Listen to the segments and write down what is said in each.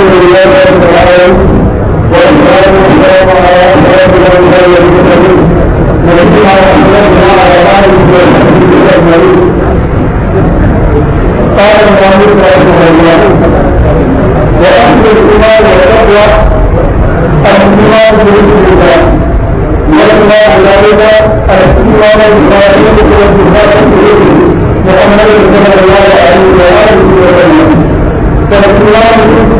محمد صلى الله عليه وسلم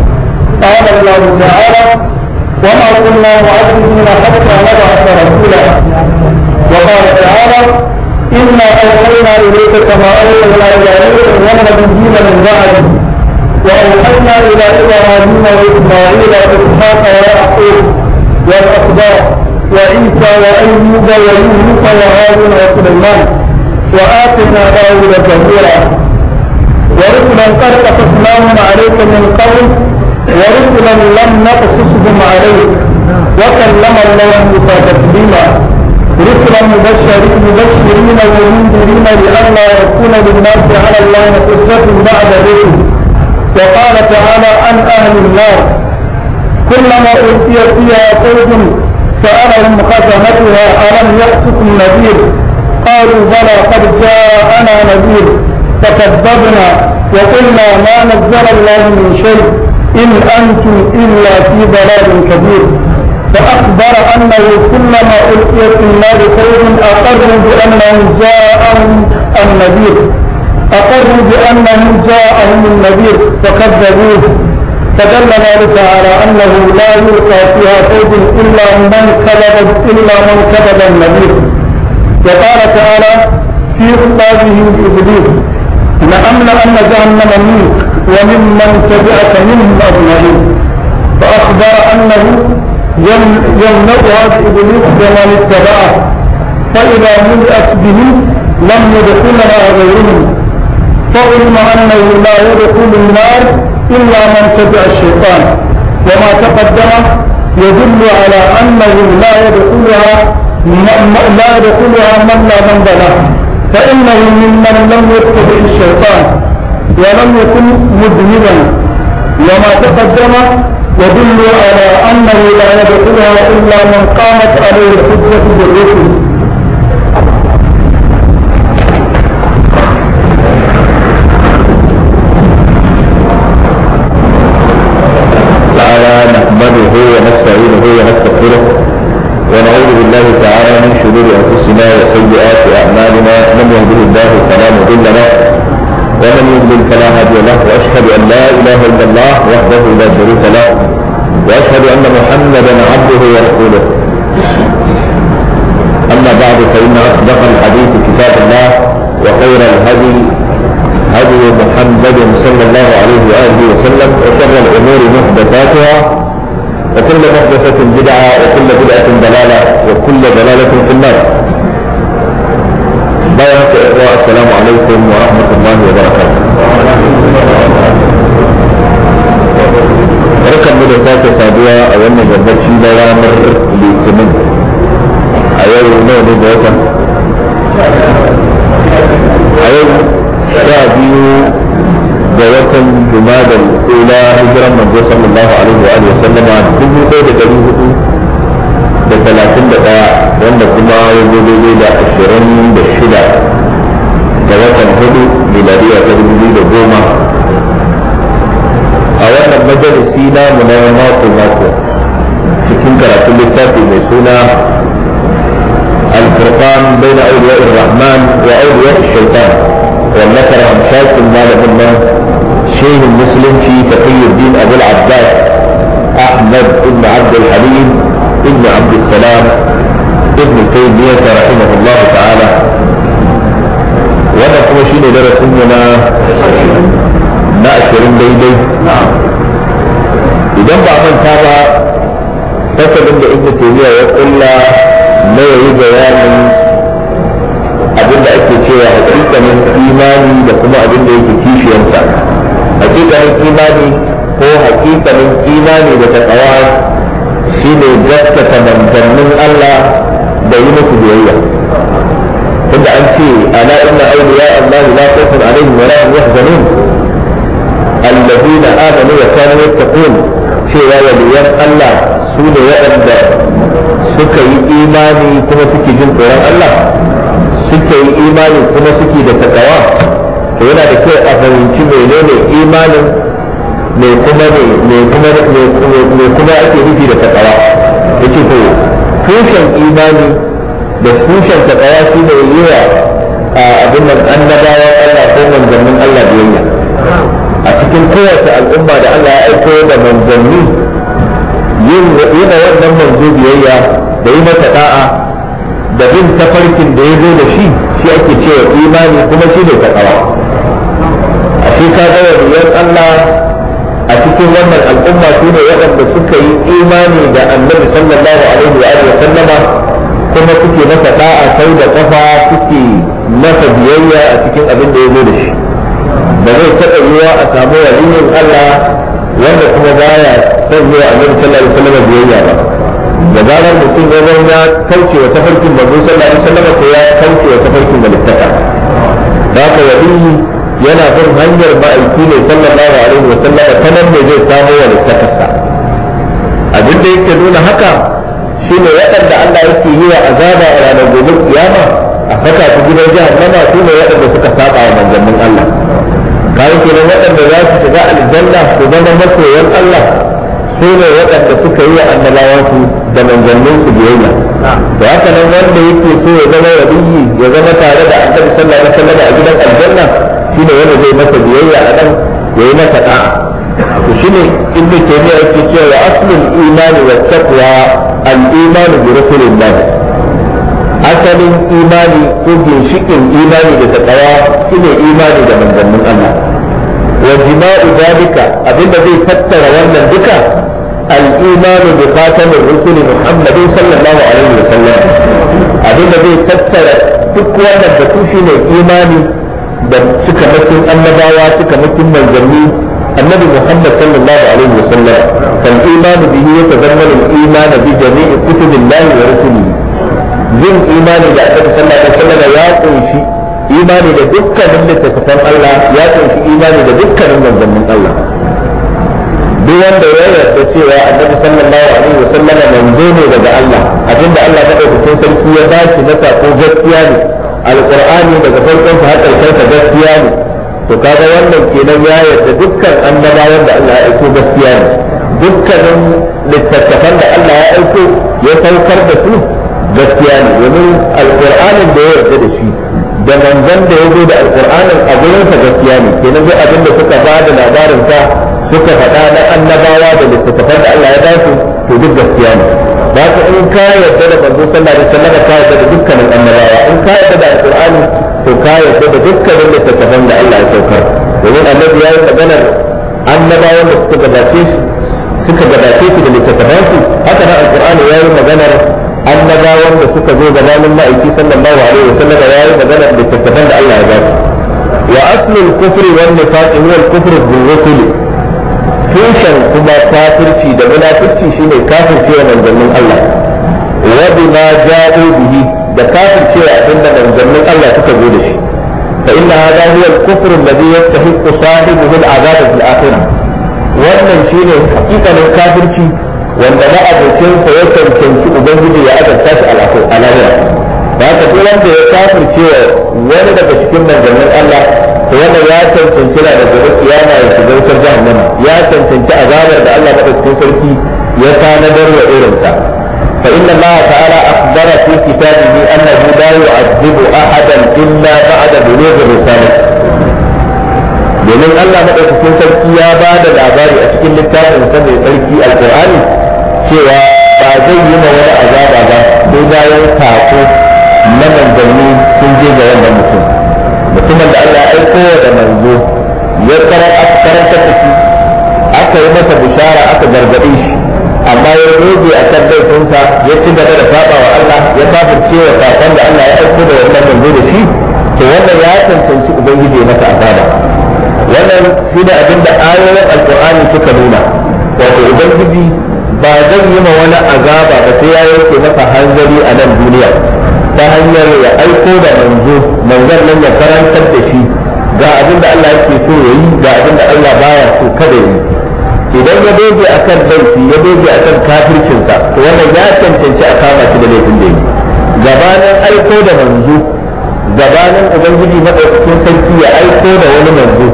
قال الله تعالى وما كنا معذبين حتى نبعث رسولا وقال تعالى إنا أوحينا إليك كما أوحينا إلى نوح والنبيين من بعد وأوحينا إلى إبراهيم وإسماعيل وإسحاق ويعقوب والأخبار وعيسى وأيوب ويوسف وهارون وسليمان وآتنا داود زبورا ورسلا قد قصصناهم عليك من قبل ورسلا لم نقصصهم عليه وكلم الله موسى تكليما رسلا مبشرين مبشرين ومنذرين لئلا يكون للناس على الله حجة بعد ذلك وقال تعالى أن أهل النار كلما ألقي فيها قوم سألهم خزنتها ألم يأتكم نذير قالوا بلى قد جاءنا نذير فكذبنا وقلنا ما نزل الله من شيء إن أنتم إلا في ضلال كبير فأخبر أنه كلما ألقي في النار قوم أقروا بأنهم جاءهم النذير أقروا بأنهم جاءهم النذير فكذبوه فدل ذلك على أنه لا يلقى فيها قوم إلا من كذب إلا من كذب النذير وقال تعالى في خطابه إبليس لأملأن جهنم منك وممن تبعك منهم أجمعين فأخبر أنه يملأها بإبليس ومن اتبعه فإذا ملأت به لم يدخلها غيرهم فعلم أنه لا يدخل النار إلا من تبع الشيطان وما تقدم يدل على أنه لا يدخلها لا يدخلها من لا من بلاه فإنه ممن لم يتبع الشيطان ولم يكن مذنبا وما تقدم يدل على أنه لا يدخلها إلا من قامت عليه الحجة بالرسل تعالى هو ونستعينه ونستغفره ونعوذ بالله تعالى من شرور انفسنا وسيئات اعمالنا من يهده الله فلا مضل له ومن يضلل فلا هادي له واشهد ان لا اله الا الله وحده لا شريك له واشهد ان محمدا عبده ورسوله اما بعد فان اصدق الحديث كتاب الله وخير الهدي هدي محمد صلى الله عليه واله وسلم وشر الامور محدثاتها وكل محدثة بدعة وكل بدعة ضلالة وكل ضلالة في النار. بارك الله السلام عليكم ورحمة الله وبركاته. Barkan mu da sake saduwa a wannan gabaci na ranar Litinin a yau nawa ne da ga watan jumada ula hijiran manzo sallallahu alaihi wa alihi wasallam a dubu ɗaya da ɗari hudu da talatin da ɗaya wanda kuma ya zo daidai da ashirin da shida ga watan hudu miladiya ta dubu biyu da goma a wannan majalisi na mu na mako mako cikin karatun littafi mai suna الفرقان بين أولياء الرحمن وأولياء الشيطان والنكر عن شاك ما لهم شيخ مسلم في تقي الدين ابو العباس احمد ابن عبد الحليم ابن عبد السلام ابن تيمية رحمه الله تعالى وانا كما شين درسنا ما ما اشترين بيدي اذا بعض انتابع فتب ان ابن تيمية يقول ما يريد يعني abin da ake cewa hakika min imani da kuma abin da yake kishiyarsa hakikanin imani ko hakikanin imani da takawa shine gaskata manzannin Allah da yi musu biyayya tunda an ce ala inna awliya Allah la khawfun alaihim wa la yahzanun alladhina amanu wa kanu yattaqun cewa waliyan Allah su ne waɗanda suka yi imani kuma suke jin tsoron Allah suka yi imani kuma suke da takawa to yana da kyau a fahimci menene imanin me kuma ne me kuma me kuma ake nufi da takawa yace to tushen imani da tushen takawa shi ne yiwa a abin nan annabawan Allah ko manzannin Allah biyayya a cikin kowace al'umma da Allah ya aiko da manzanni yin yana wannan manzo biyayya da yi mata da'a da bin tafarkin da ya zo da shi shi ake cewa imani kuma shi ne takawa sai ka ga waliyan Allah a cikin wannan al'umma su ne waɗanda suka yi imani da annabi sallallahu alaihi wa alihi sallama kuma suke masa da'a sai da kafa suke masa biyayya a cikin abin da ya zo da shi Da zai taɓa yiwa a samu waliyin Allah wanda kuma baya son yi annabi sallallahu alaihi wa sallama biyayya ba da zarar mutum ya zama ya kauce wa tafarkin manzo sallallahu alaihi wa sallama ko ya kauce wa tafarkin malittaka ba ka waliyi yana bin hanyar ma'aiki ne sallallahu alaihi wa sallam ta nan ne zai samu wa littafinsa abin da yake nuna haka shine waɗanda Allah yake yi wa azaba a ranar gobe kiyama a saka su gidan jahannama su ne waɗanda suka saba wa manzannin Allah kawai kenan waɗanda za su shiga aljanna su zama masoyan Allah su ne waɗanda suka yi wa annabawansu da manzanninsu biyayya Da haka nan wanda yake so ya zama waliyi ya zama tare da annabi sallallahu alaihi wasallam a gidan aljanna shi ne wanda zai masa biyayya a nan ya yi masa ɗa'a? to shi ne inda ke ne yake cewa aslin imani wa taqwa al imani bi rasulillah asalin imani ko ginshikin imani da taqwa shi ne imani da manzannin Allah wa jima'u dalika abinda zai tattara wannan duka Al-imanun الإيمان بخاتم الرسل محمد صلى الله zai tattara duk wannan da تكوانا بكوشي imani? da suka makin annabawa suka makin manzanni annabi muhammad sallallahu alaihi wa sallam, kan imanu bihi ya tazammala al-iman bi jami'i kutubillahi wa rusulihi yin imani da annabi sallallahu alaihi wa sallam ya kunshi imani da dukkanin littattafan Allah ya kunshi imani da dukkanin manzannin Allah duk wanda ya yarda cewa annabi sallallahu alaihi wa wasallam manzo ne daga Allah abinda Allah ta madaukakin sarki ya ba shi na sako gaskiya ne alkur'ani daga farkon sa har karshen gaskiya ne to kaga wannan kenan ya yarda dukkan annabawa da Allah ya aiko gaskiya ne dukkanin littattafan da Allah ya aiko ya saukar da su gaskiya ne domin alqur'anin da ya yarda da shi da manzon da ya zo da alkur'anin a gurin sa gaskiya ne kenan duk abin da suka ba da labarin sa suka faɗa na annabawa da littattafan da Allah ya ba su to duk gaskiya ne ba in ka yarda da manzo sallallahu alaihi wasallam ka yarda da dukkanin annabawa in ka yarda da alqur'ani to ka yarda da dukkanin littattafan da Allah ya saukar domin annabi ya yi maganar annabawan da suka gabace suka gabace su da littattafan su haka nan alqur'ani ya yi maganar annabawan da suka zo gabanin ma'aiki sallallahu alaihi wasallam ya yi maganar littattafan da Allah ya ba wa aslul kufri wan nifaqi huwa al-kufru bil rusuli tushen kuma kafirci da munafirci shine kafirce wa manzannin Allah wa na ja'u bihi da kafirce wa abinda manzannin Allah suka zo da shi fa inna hadha huwa al-kufr alladhi yastahiqqu sahibuhu al-'adab fil akhirah wannan shine hakikanin kafirci wanda ma'abucin sa ya cancanci ubangiji ya azabta shi a lahira da haka duk wanda ya cewa wani daga cikin manzannin Allah ta wanda ya cancanci na da gobe kiyama ya shiga wutar jahannama ya cancanci azabar da Allah madaukakin sarki ya tanadar wa irinsa فإن الله ta'ala أخبر في كتابه أنه لا يعذب أحدا إلا بعد بلوغ الرسالة domin Allah maɗaukakin sarki ya ba da labari a cikin littafin sa mai sarki alƙur'ani cewa ba zai yi ma wani azaba ba sai bayan sako na manzanni sun je ga wannan mutum mutumin da Allah ya aiko da manzo ya karanta da shi aka yi masa bishara aka gargaɗe shi amma ya rage a kan laifinsa ya ci gaba da saba wa Allah ya kafirce wa sakon da Allah ya aiko da wannan manzo da shi to wannan ya cancanci ubangiji ya masa azaba wannan shi da abin da ayoyin alkur'ani suka nuna wato ubangiji ba zan yi ma wani azaba ba sai ya yanke masa hanzari a nan duniya ta hanyar ya aiko da manzo manzon nan ya karantar da shi ga abin da Allah yake so ya yi ga abin da Allah baya so kada yi idan ya doge akan laifi ya doge akan kafircinsa to wannan ya cancanci a kama shi da laifin da yi gabanin aiko da manzo gabanin ubangiji madaukakin sarki ya aiko da wani manzo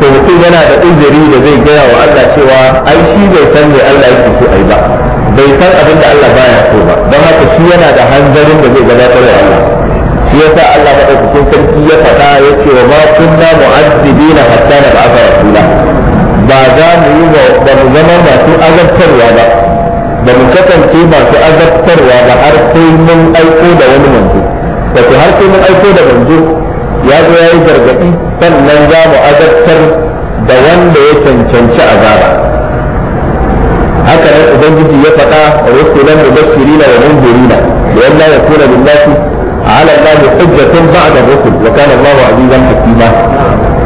to mutum yana da uzuri da zai gaya wa Allah cewa ai shi bai san me Allah yake so ai ba bai san abin da Allah baya so ba don haka shi yana da hanzarin da zai gabatar da Allah shi yasa Allah madaukakin sarki ya faɗa ya ce wa ma kunna mu'azzibina hatta na ba'a rasula ba za mu yi ba mu zama masu azabtarwa ba ba mu kasance masu azabtarwa ba har sai mun aiko da wani manzo wato har sai mun aiko da manzo ya zo ya yi gargaɗi sannan za mu azabtar da wanda ya cancanci azaba ubangiji ya faɗa rusulan mubashirina wa munzirina da yalla ya kuna lillahi على الله حجة بعد الرسل وكان الله عزيزا حكيما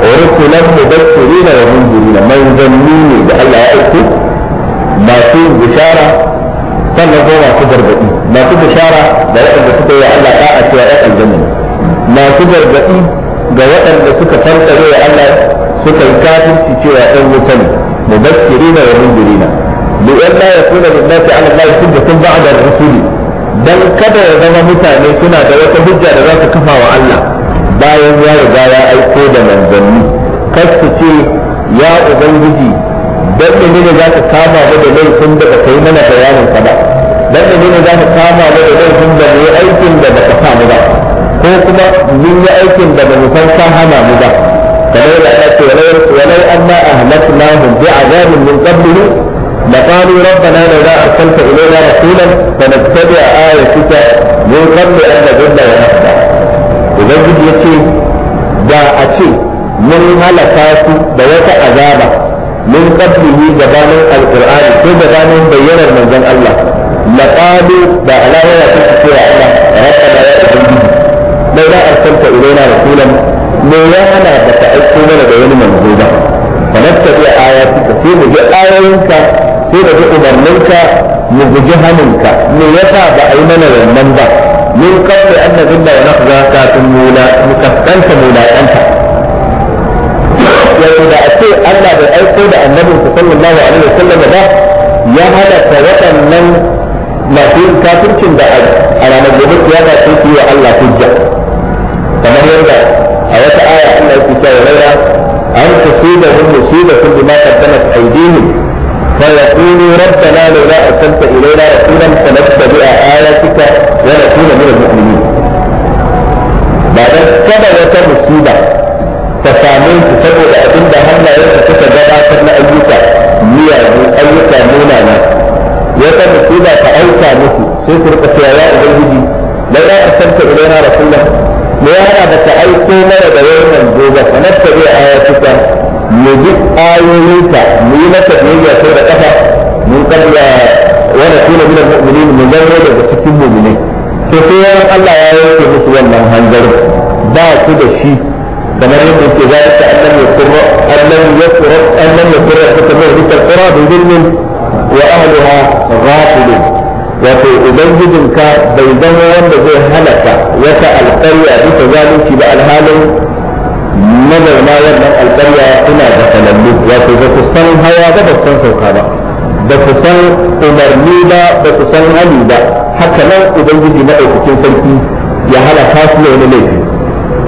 ورسلا مبشرين ومنذرين من ظنين بألا يأتي ما في بشارة sannan ko masu gargaɗi masu bishara ga waɗanda suka yi Allah ta'a cewa ɗan aljanna masu gargaɗi ga waɗanda suka tantare wa Allah suka yi kafirci cewa ɗan wuta ne mubashirina wa mundirina لأن لا يكون للناس على الله حجة بعد الرسول dan kada ya zama mutane suna da wata hujja da za su kafa wa Allah bayan ya riga ya aiko da manzanni kar su ce ya ubangiji dan ne za kama mu da laifin da ba yi mana bayanin ka ba dan ne za kama mu da laifin da ne aikin da ba ka mu ba ko kuma mun yi aikin da ba mu san ka hana mu ba kamar da Allah ce walau walau anna ahlaknahum bi'adabin min qablihi لقالوا ربنا لولا أرسلت إلينا رسولا فنتبع آياتك من قبل أن نذل ونخزى ubangiji ya ce da a ce mun halaka su da wata azaba min qablihi gabanin alqur'ani ko gabanin bayyanar manzon Allah laqalu da alawaya ta ce wa Allah rabbana ya ubangiji dai da arsalta ilaina rasulan me ya hana da ta aiko mana da wani manzo ba fa nattabi ayatuka sai mu ji ayoyinka ko da ji umarninka mu guji hannunka me yasa ba a yi mana wannan ba min kawai an nazin da wani za ka sun mula mukaskanta mulaƙanta yanzu da a ce Allah bai aiko da annabin su sallallahu alaihi wasallam ba ya halatta waɗannan masu yin kafircin da a ranar gobe kiyama sun yi wa Allah hujja kamar yadda a wata aya Allah yake cewa laura an tusiba sun bi ma qaddamat aydihim فيقول ربنا لولا ارسلت الينا رسولا فنتبع اياتك ونكون من المؤمنين بعد كذا وكم سيدا تسامين تسبب أبن لا يتسك جبا كبن أيوكا ميا أيوكا مونانا يتم سيدا كأيوكا نسي سيسر قصيايا إبنهدي لولا أسمت إلينا رسولا. الله أنا بك أيوكا مرد ويوما جوبا فنتبع آياتك mu bi ayoyinka mu yi masa biyayya sau da kafa mun kabla wa rasulu min al-mu'minin mu zarra daga cikin mu'minai to sai ya Allah ya yanke musu wannan hanzarin ba ku da shi kamar yadda ce za ta annabi yaqra annabi yaqra annabi yaqra ta kamar dukkan qura bi dhilmin wa ahliha ghafilun wato ubangijinka bai zama wanda zai halaka wata alƙarya bisa zalunci ba alhalin ma wannan alƙarya suna da falallu wato ba su san hawa ba ba su san sauka ba ba su san umarni ba ba su san hali ba haka nan ubangiji na ɗaukakin sarki ya halaka su da wani laifi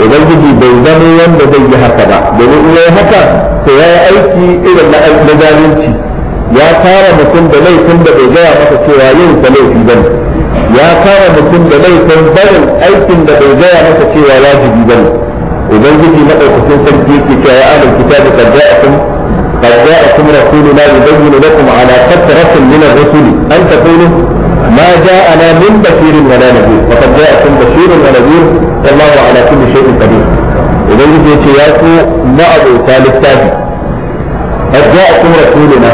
ubangiji bai zama wanda zai yi haka ba domin in yi haka to ya yi aiki irin na zalunci ya kara mutum da laifin da bai gaya masa cewa yin sa laifi ba ya kara mutum da laifin barin aikin da bai gaya masa cewa wajibi ba ne ubangiji madaukakin sarki yake في ya اهل الكتاب قد جاءكم قد جاءكم rasuluna yubayyinu lakum ala fatratin min ar-rusul an taqulu ما جاءنا من بشير ولا نذير وقد جاءكم بشير ونذير والله على كل شيء قدير إذن يجي تياكو ما أبو ثالث تاجي قد جاءكم رسولنا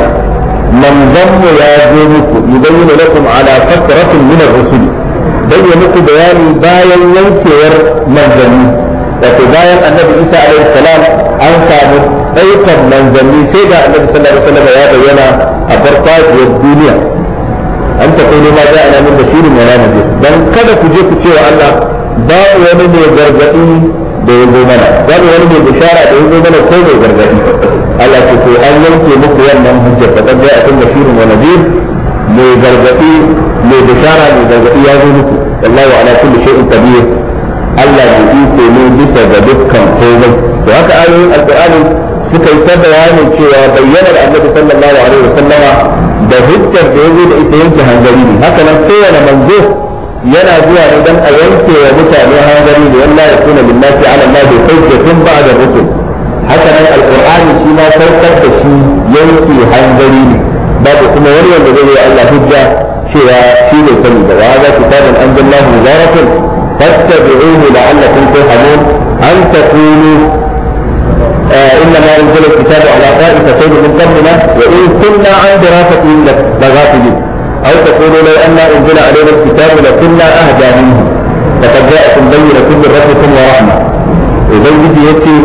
من ذنب يازمكم يبين لكم على فترة من الرسل بينكم بيان باين ينكر من ذنب wato bayan annabi isa alaihi salam an samu ɗaukar manzanni sai da annabi sallallahu alaihi wasallam ya bayyana a farfajiyar duniya an tafi ne ma ana min bashirin wa nadir dan kada ku je ku ce wa Allah ba wani ne gargadi da ya zo mana babu wani ne bishara da ya mana ko mai gargadi Allah ce ko an yanke muku wannan hujja ta kaddai akan bashirin wa nadir mai gargadi mai bishara mai gargadi ya zo muku wallahu ala kulli shay'in qadir Allah ya iko ne bisa ga dukkan komai to haka ayoyin alqur'ani suka yi ta bayanin cewa bayyanar annabi sallallahu alaihi wasallama da hujjar da yazo da ita yanke hanzari ne haka nan kowane manzo yana zuwa ne dan a yanke wa mutane hanzari ne wallahi yakuna lillahi ala Allah bi ba ba'da rusul haka nan alqur'ani shi ma saukar da shi yanke hanzari ne babu kuma wani wanda zai yi Allah hujja cewa shi ne sani da wa za kitabun anzalallahu mubarakun فاتبعوه لعلكم ترحمون أن تكونوا آه، إنما أنزل الكتاب على طائفتين من قبلنا وإن كنا عن دراستهم لغافلين أو تقولوا لو أن أنزل علينا الكتاب لكنا أهدى منه لقد جاءكم بين كل ربكم ورحمة وبنجد يأتي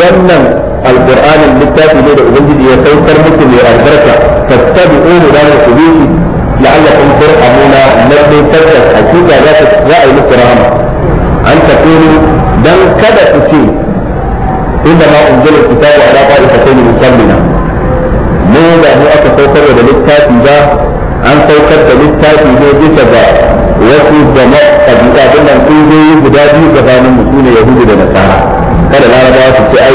يمن القرآن الكتاب إليه وبنجد يسوكر مثل البركة فاتبعوه لا يخبيه la'allakum turhamuna lallai tabbas a za ta za a yi muku rahama an tafi ni dan kada ku ce inda ma unzila kitabu ala ba'i fa kayni min qablina mu da mu aka saukar da littafi ba an saukar da littafi ne bisa ga wasu jama'a kabila din nan kun je guda biyu gabanin mu sune yahudu da nasara kada laraba su ce ai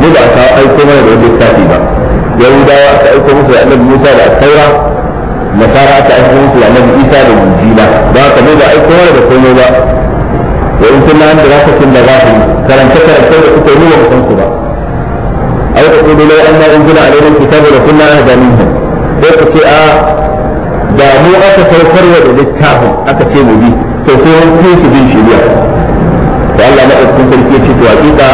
mu ba ka aiko mana da littafi ba yahudawa aka aiko musu da annabi Musa da Taurat nasara ta aiki a nan isa da injila ba ka bai da aiko da komai ba wa in kunna an da kun da za ku karanta karanta da kuka yi wa mutum ku ba ai da kudu lai an ma injila alaihi kitabu da kunna an da minhum ko ku ce a da mu aka saukarwa da littafin aka ce mu bi to sai mun kai su bin shiriya da Allah na ɗaukun sarki ya ce to hakika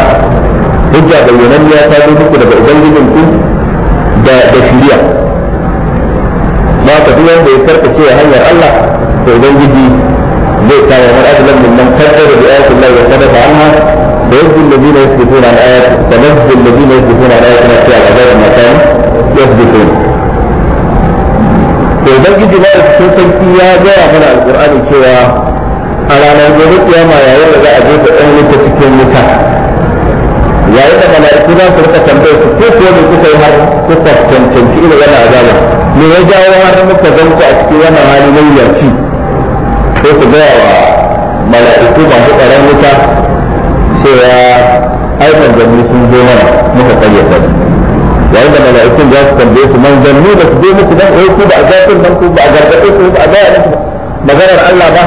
hujja bayyananniya ta zo muku daga ubangijinku ku da shiriya ba ka duk wanda ya karkace hanyar Allah to ubangiji zai kawo wani azulan min man kaddara bi ayati Allah wa sadaqa anha sayajzi alladhina yasbituna al ayat sanajzi alladhina yasbituna al ayat nafsi al azab ma kan yasbitun to ubangiji ba da cikin sarki ya gaya mana alqur'ani cewa a ranar gobe kiyama yayin da za a jefa ɗan wuta cikin wuta yayin da mala'iku za su rika tambayar su ko kuwa ne kuka yi har kuka cancanci irin wannan azaba me ya jawo har muka zanta a cikin wannan hali na ci sai ku gaya wa mala'iku masu tsaron wuta cewa ai manzanni sun zo mana muka kayyata yayin da mala'iku za su tambaye su manzanni ba su zo muku dan eh ku ba a zafin nan ku ba a gargaɗe ku ba a gaya muku maganar Allah ba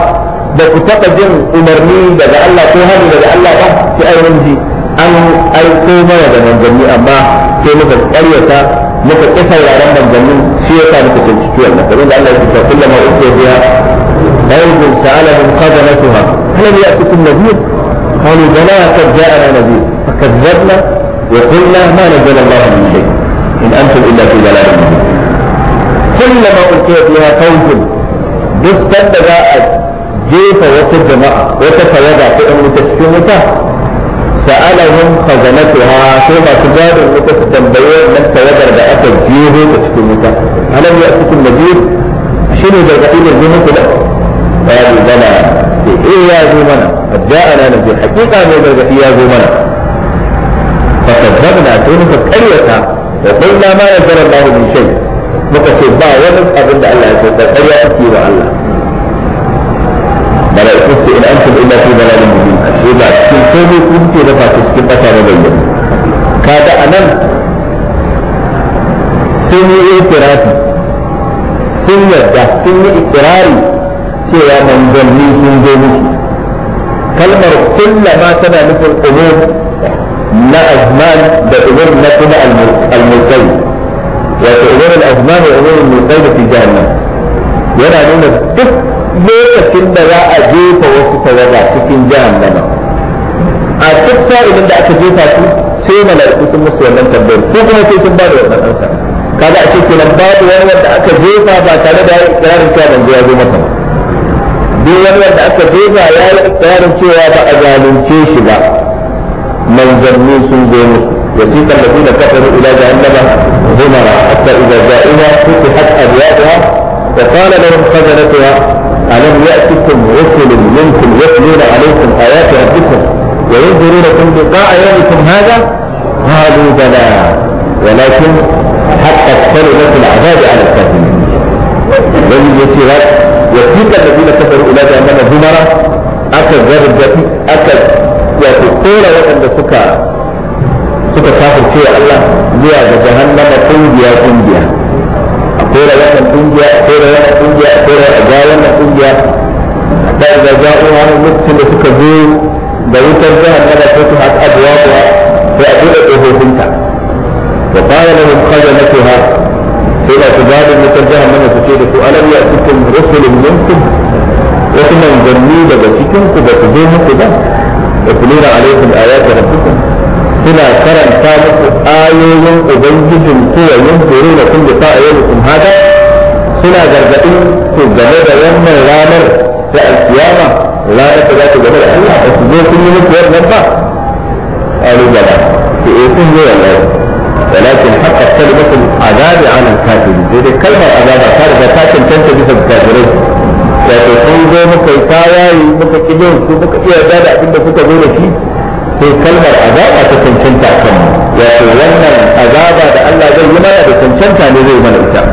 ba ku taɓa jin umarni daga Allah ko hali daga Allah ba ki ai mun ji an aiko mana da manzanni amma sai muka karyata muka kisa yaran manzannin shi ya sa muka cancanci wannan kamar da Allah ya ce kullama ukiya biya قوم سألهم خزنتها ألم يأتكم نذير؟ قالوا بلى قد جاءنا نذير فكذبنا وقلنا ما نزل الله من شيء إن أنتم إلا في ضلال مبين كلما ألقي فيها فوز duk sanda za a jefa wata jama'a wata tawaga ko ɗan wuta cikin wuta سألهم خزنتها ثم المتسكن المتسدنبيين من تودر بأس الجيه هل ألم يأتكم نذير شنو بالقتيل الجيوه لا قالوا بلى إيه يا زومنا قد جاءنا نبي حقيقة من بالقتيل يا زومنا فكذبنا ثم فكريتا وقلنا ما نزل الله من شيء muka ce ba الله abin da Allah malaikun ce in antum illa fi dalalin mubin ashe ba cikin komai kun cikin na bayyana kaga anan sun yi itirafi sun yarda sun yi ikirari cewa manzanni sun zo musu kalmar kullama tana nufin umur na azman da umur na kuma almulkai wato umur al-azman da umur al-mulkai da fi jahannam yana nuna duk lokacin da za a jefa wasu tawaga cikin jihar jahannama a duk sa'ilin da aka jefa su sai mala'iku sun musu wannan tambayar ko kuma sai sun ba da wannan ansa kaga a cikin nan babu wani wanda aka jefa ba tare da ikirarin cewa ban ya zo masa duk wani wanda aka jefa ya yi ikirarin cewa ba a zalunce shi ba manzanni sun zo musu يسيق الذين كفروا إلى جهنم زمرا حتى إذا جاءوها فتحت أبوابها وقال لهم خزنتها ألم يأتكم رسل منكم يتلون عليكم آيات ربكم وينذرونكم لقاء يومكم هذا قالوا بلى ولكن حتى كلمة العذاب على الكافرين لم يسيرات يسيرك الذين كفروا إلى جهنم زمرة أكل ذات الجاتي أكل يعني طول وقت سكا سكر كافر شيء الله ليا جهنم كنجيا كنجيا kora wannan kungiya a kora wannan kungiya a kora a ga wannan kungiya da da za'u wani lokacin da suka zo da wutar jihar na da ta su haɗa abuwa kuwa sai a buɗe tsohofinta wa fara da mun kaza na tuha sai da su gadin wutar jihar na su ce da ku alam ya cikin rusulun minkum wasu manzanni daga cikin ku ba su zo muku ba da ku nuna alaikum ayatu rabbikum suna karanta muku ayoyin ubangijin kuwa yin tsoro da kun da sa'a yau kun hada suna gargadin ku game da wannan ranar da alkiyama ranar da za ta game da Allah ba su zo kun yi muku wannan ba alu gaba ku eh kun yi wannan ولكن حقت كلمة العذاب على الكافرين إذا كلمة العذاب كانت تاتي تنتهي بالكافرين wato sun zo muka yi tawaye muka kibin su muka iya da abinda da suka zo da shi sai kalmar azaba ta cancanta kan wato wannan azaba da Allah zai yi mana da cancanta ne zai mana ita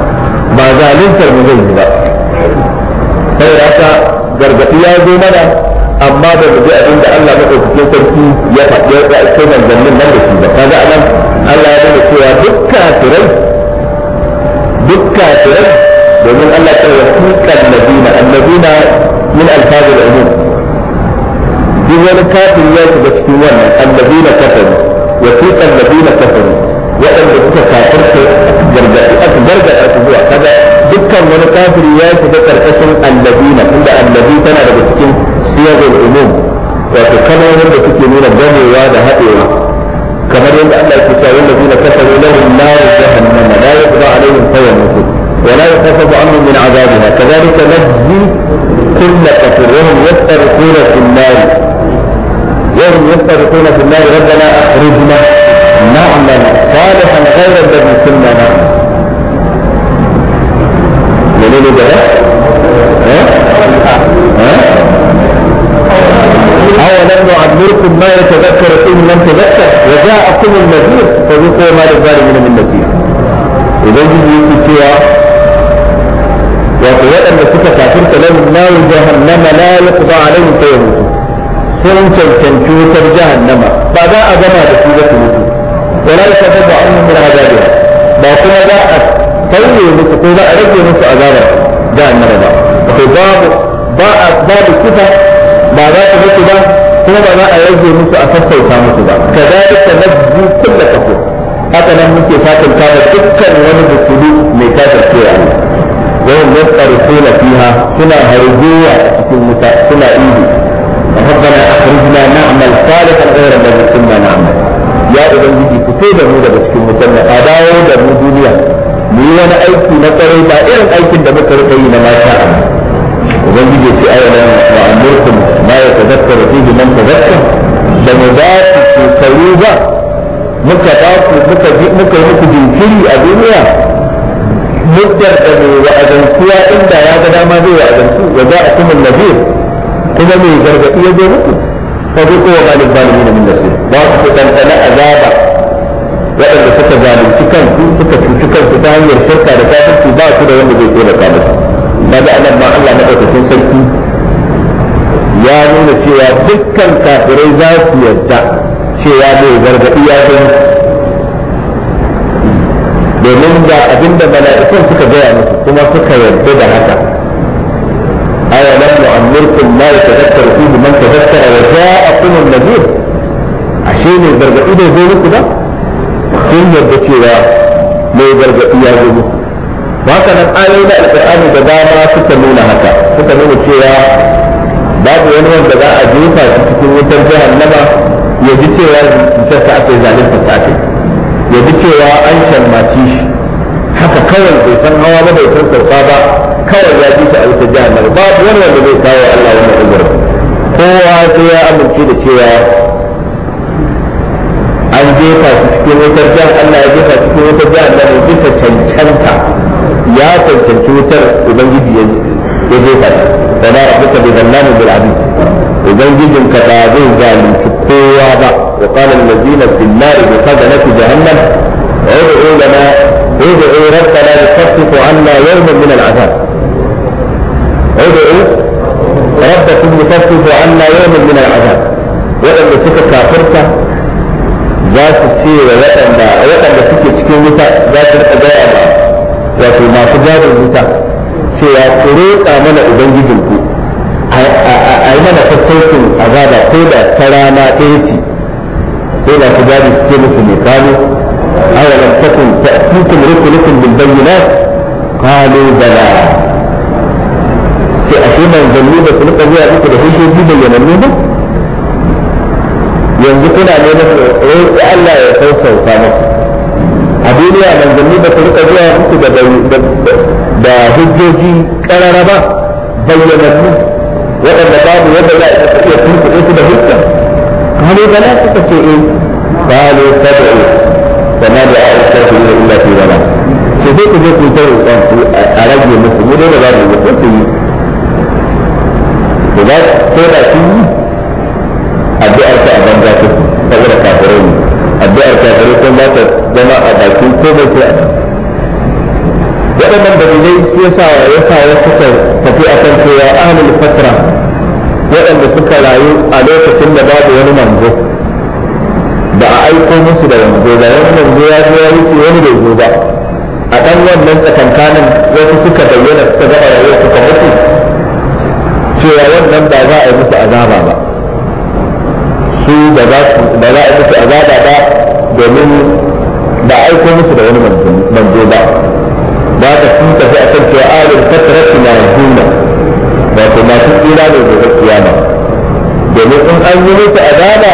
ba zaluntar mu zai yi ba sai haka gargaɗi ya zo mana amma da mu ji abin da Allah madaukakin sarki ya faɗi ya ɗauke manzannin nan da shi ba kaga anan Allah ya nuna cewa duk kafirai duk kafirai domin Allah ta wasiƙan nabina annabina min alfazil umum في وانا كافر ياك بس في وانا الذين كفروا وفيك الذين كفروا وانا بس كافر في جرجة جرجة اسبوع هذا دكا وانا كافر ياك بس الاسم الذين عند الذين تنا بسكين سياغ الأموم وكما يرد تكينون الدنيا وانا هائرة كما يرد أن الكتاب الذين كفروا لهم نار جهنم لا يقضى عليهم فيموتون ولا يخفض عنهم من عذابها كذلك نجزي كل كفر وهم يسترقون في النار يفترقون في الله ربنا اخرجنا نعمل صالحا غير الذي كنا نعمل منين ده؟ ها؟ ها؟ أولم نعمركم ما يتذكر فيه من تذكر وجاءكم النذير فذوقوا ما للظالمين من نذير إذا يجي فيها وقوة أن تتكافر لهم نار جهنم لا يقضى عليهم فيموتون sun cancanci wutar jahannama ba za a gama da su ba mutu wala ya shafa ba an mun azabiya ba kuma za a tauye musu ko za a rage musu azabar jahannama ba to babu ba a babu kifa ba za su mutu ba kuma ba za a rage musu a sassauta musu ba kadalika najzi kullu kafur haka nan muke fatan ta dukkan wani bukulu mai kafar ce Allah wa hum yasqarifuna fiha suna harjuwa cikin wuta suna ihu ربنا أخرجنا نعمل صالحا غير الذي كنا نعمل يا ubangiji ku sai da mu daga cikin wutar na dawo da mu duniya mu yi wani aiki na kwarai ba irin aikin da muka rika yi na mata ubangiji ce ayo nan wa amurkum ma ya tazakkaru fihi man tazakkar da mu ba ku kayu ba muka ba ku muka ji a duniya muddar da mu inda ya kuma mai gargaɗi ya zo muku fa zuku wa galib zalimi da min nasir ba ku ku tantana azaba waɗanda suka zalunci kansu suka cuci kansu ta hanyar shirka da kafirci ba su da wanda zai taimaka musu daga anan ma Allah na ɗaukakin sarki ya nuna cewa dukkan kafirai za su yarda cewa mai gargaɗi ya zo domin da abinda mala'ikun suka gaya musu kuma suka yarda da haka أمركم لا يتذكر فيه من تذكر وجاءكم النذير عشان الزرقاء ده زي كده sun yarda cewa mai gargaɗi ya zo ba haka nan ayoyi na alƙur'ani da dama suka nuna haka suka nuna cewa babu wani wanda za a jefa shi cikin wutar jahannama ya ji cewa jikinsa ta aka zalunta sa ya ji cewa an haka kawai bai san hawa ba bai san ba kawai ya ji ta a wuta jihar babu wani wanda zai kawo Allah wani uzurin kowa sai ya amince da cewa an jefa su cikin wutar jihar Allah ya jefa cikin wutar jihar nan bisa cancanta ya cancanci wutar ubangiji ya jefa ta da na rabuka bi zallamin bil abin ubangijin ka ba zai zalunci kowa ba wa qala allazina fil nari bi khazanati jahannam ud'u lana ud'u rabbana litasfiku anna yawman min al azab ادعوا ربكم لتصرف عنا يوما من العذاب waɗanda suka kafarta za su ce wa waɗanda waɗanda suke cikin wuta za su gaya ba wato masu gadin wuta cewa ku roƙa mana ubangijinku a yi mana sassaucin azaba ko da ta rana ɗaya ce sai da su sai manzanni ba su rika zuwa muku da hujjoji bayyanannu ba yanzu kuna neman roƙi Allah ya sausauta muku a duniya manzanni ba su rika zuwa muku da hujjoji ƙarara ba bayyanannu waɗanda babu yadda za a iya tuntuɓe su da hujja kalu bala suka ce eh kalu sab'u wa ma da'a al-kafirina illa fi dhalal sai dai ku je ku ta roƙon ku a rage musu mu dai da babu mutunci da ko da sun yi addu'ar ta a banza ta saboda kafirai ne addu'ar kafirai ko za ta zama a baki ko sai a waɗannan dalilai su yasa ya sa ya suka tafi a kan cewa ahlul fatra waɗanda suka rayu a lokacin da babu wani manzo da a aiko musu da manzo da wani manzo ya zo ya wuce wani bai zo ba a ɗan wannan tsakankanin wasu suka bayyana suka gaba rayuwa suka wannan ba za a yi musu azaba ba su ba za a yi musu azaba ba domin ba aiko musu da wani manzo ba ba ka sun tafi a kan cewa alin ah, tattara na juna wato masu tsira ne gobe ba domin in an yi musu azaba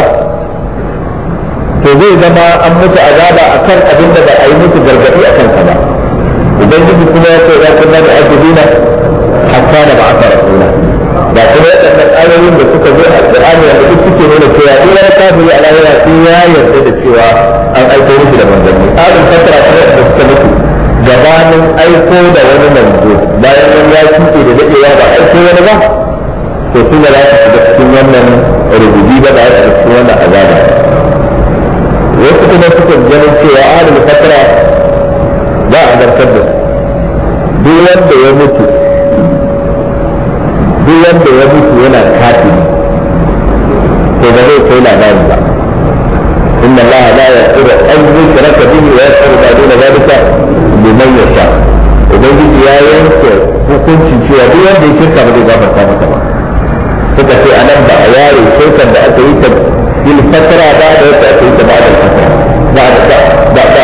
to zai zama an musu azaba a kan abin da ba a yi musu gargaɗi a kansa ba ubangiji kuma ya ce ya kuma da ake dina hatta da ba a rasula ayoyin da suka zo a Qur'ani da duk suke nuna cewa in da kafiri a lahira sun ya yarda da cewa an aiko miki da manzanni tsarin fatara ta da suka mutu gabanin aiko da wani manzo bayan nan ya tuke da dadewa ba aiko wani ba to sun ba za su shiga cikin wannan rububi ba da ya shiga cikin wannan azaba wasu kuma suka ganin cewa ahlul fatara ba a zartar da su duk wanda ya mutu wanda ya mutu yana kafi to ba zai kai labari ba inna allaha la yaghfiru an yushraka bihi wa yaghfiru ma duna dhalika liman yasha ubangiji ya yanke hukuncin cewa duk wanda ya shirka ba zai gafarta masa ba suka ce anan ba a yare shirkan da aka yi ta bil fatara ba da wata aka yi ta ba da fatara ba da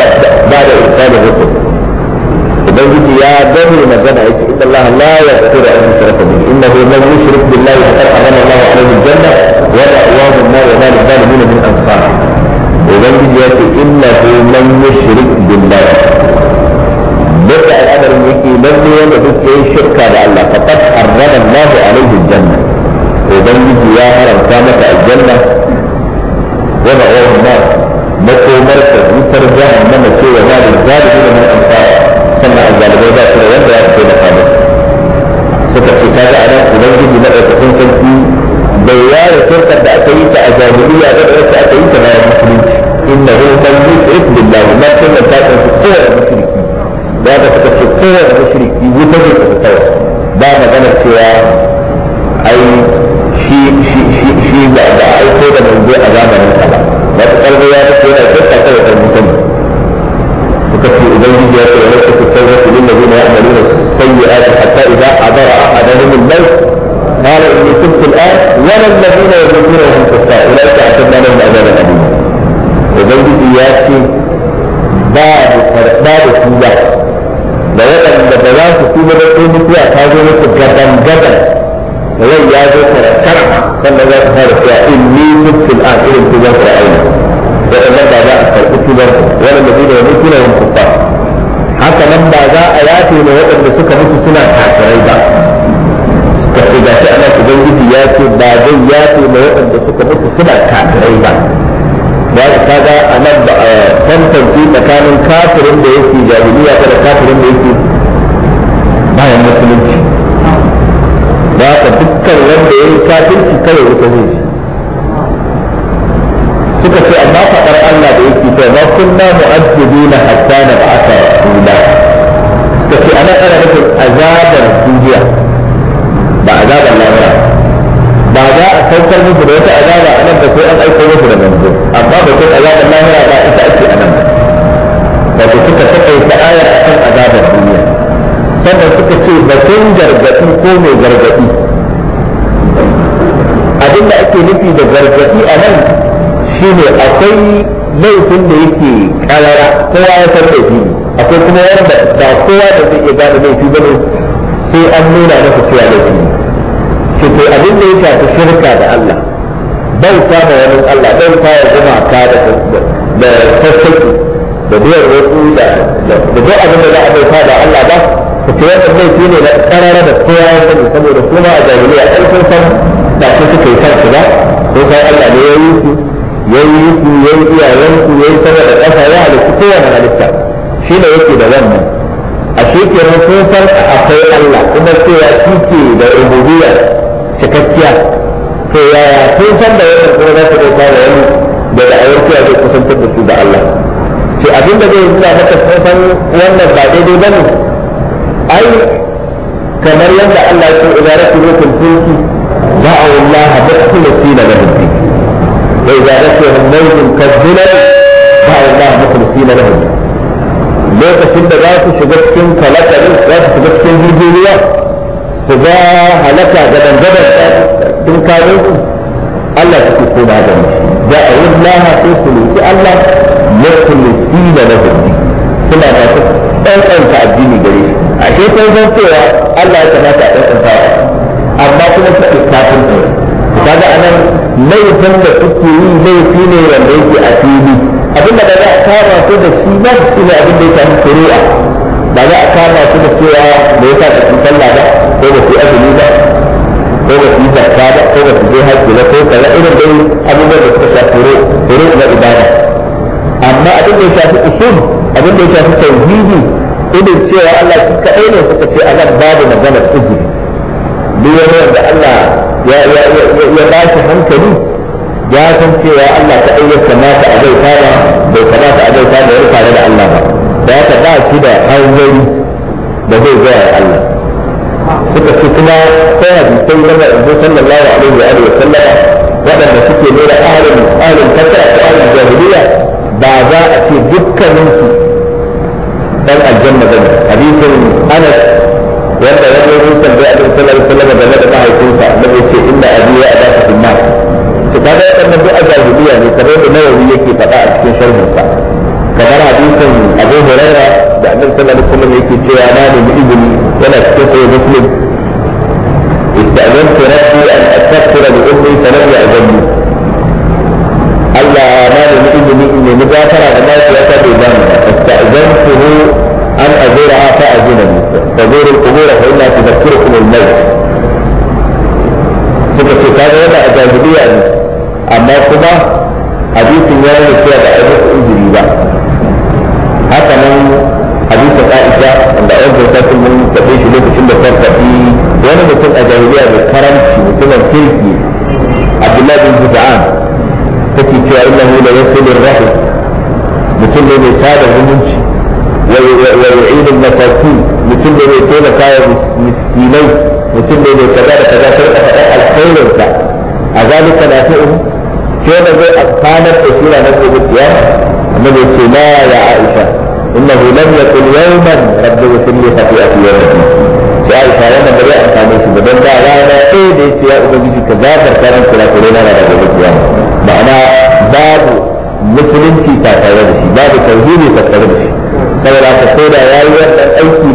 ba da ba da ubangiji ya gani magana yake inna Allah la yaghfiru an yushraka bihi innahu man yushrik billahi faqad harrama Allah alayhi al-janna wa ma'wahu an-nar wa ma lil-zalimin min ansar ubangiji ya ce innahu man yushrik billahi yadda al'amarin yake lalle wanda duk yayi shirka da Allah faqad harrama Allah alayhi al-janna ubangiji ya haramta mata aljanna wa ma'wahu an-nar makomar ta wutar jahannama ce wa ma duniya da wacce aka yi ta bayan musulunci inna hu man yushrik billahi man kunna ta ta kowa mushriki da ka ta ce kowa mushriki wuta ne ta tsaya ba magana cewa ai shi shi shi shi ba da aiko da manzo a zamanin sa ba wata karbi ya ta ce yana shakka ta da mutum suka ce ubangiji ya ce wa lakum tawbatu lil ladina ya'maluna sayyi'ati hatta idza adara ahadahum al-maut قال إني تبت الآن ولا الذين يموتون وهم كفار أولئك أعتدنا لهم عذابا أليما وبنجد ياتي بعد بعد سيدة da waɗanda ba za su tuba da su mutu a kazo musu gaban gaban da yau ya zo karakar sannan za su fara cewa in ni mutu al'an irin tuba fir'auna kowa da zai iya gane laifi ba ne sai an nuna masa cewa laifi ne to abin da ya shafi shirka da Allah bauta da wani Allah bauta ya zama ka da da sassauki da biyar wasu da da duk abin da za a bauta da Allah ba ku ce wannan laifi ne na karara da kowa ya sani saboda kuma a jahiliya ɗan sun san da su suka yi kansu ba ko kai Allah ne ya yi su ya yi su ya yi iyayensu ya yi sama da ƙasa ya halitta kowane halitta shi ne yake da wannan kenan sun san akwai Allah kuma cewa shi ke da rububiya cikakkiya to yaya sun san da wannan kuma za su ɗauka da wani da da'awar cewa zai kusantar da su da Allah to abin da zai zuwa maka sun san wannan ba daidai ba ne ai kamar yadda Allah ya ce idan rasulukun tunki da'awu Allah mukhlisina lahu din wa idan rasulukun nawjin kadhuna da'awu da mukhlisina lahu din lokacin da za su shiga cikin kalakarin za su shiga cikin jirgin su ga halaka ga dangadar sun kawo su Allah take ko da da yi laha sai su lusi Allah ya lusi da lahum suna da su ɗanɗanta addini gare shi a ke kun san cewa Allah ya kamata a ɗanɗanta amma kuma suke kafin ne kaga anan laifin da suke yi laifi ne wanda yake a fili abinda da za kama su da shi ba su abin da ya su shari'a ba za a kama su da cewa da ya kama da su salla ba ko da su azumi ba ko da su zakka ba ko da su je hajji ba ko kaza irin dai abubuwan da suka shafi furu na ibada amma abin da ya shafi usul abin da ya shafi tauhidi idan cewa Allah shi kaɗai ne suka ce a ba babu maganar izini duk wani wanda Allah ya ba shi hankali ya san cewa Allah ta ayyar kamata a zai fara bai kamata a zai fara ya fara da Allah ba da haka ba shi da hanzari da zai a Allah suka ce kuma sai hadisai na manzo sallallahu alaihi wa alihi sallama waɗanda suke nuna ahlin ahlin fatara da ahlin jahiliya ba za a ce dukkanin su dan aljanna ba hadisin Anas yadda ya zo tambaya Annabi sallallahu alaihi wa sallam game da mahaifinsa Annabi ce inna abi ya adaka bin nar to kaga wannan duk ajaliya ne kamar da nawawi yake faɗa a cikin sharhin sa kamar hadisin Abu Hurairah da Annabi sallallahu alaihi wasallam yake cewa na ne mu izini yana cikin sahih Muslim استأذنت ربي أن أستغفر لأمي فلم يأذني Allah na da mutum ne ne mu gafara da na ya ta bai bani astazantuhu an azura fa azina tazuru al-qubur fa inna tudhakkirukum al-maut suka ce kaga wannan a jahiliya ne amma kuma hadisin ya nuna cewa ba a musu injiri ba haka nan hadisin Aisha wanda an zauta sun mun tafi shi lokacin da ta tafi wani mutum a jahiliya mai karanci mutumin kirki Abdullahi bin Zuba'an take cewa innahu la yasilu rahim mutum ne mai sada zumunci ويعين المساكين مثل ما يكون كايا مسكيني مثل ما يكون كذا كذا تلقى الخير انت أذلك نافعه wanda zai amfanar da shi ranar gobe kiyama annabi ce la ya aisha innahu lam yakul yawman rabbi yakul li khati'ati yawmin ya aisha wannan ba zai amfane shi ba dan da rana ɗaya da yake ya ubangiji ka gafarta min kurakurai na ranar gobe kiyama ma'ana babu musulunci ta tare da shi babu tauhidi ta tare da shi saboda haka sai da yayi wannan aiki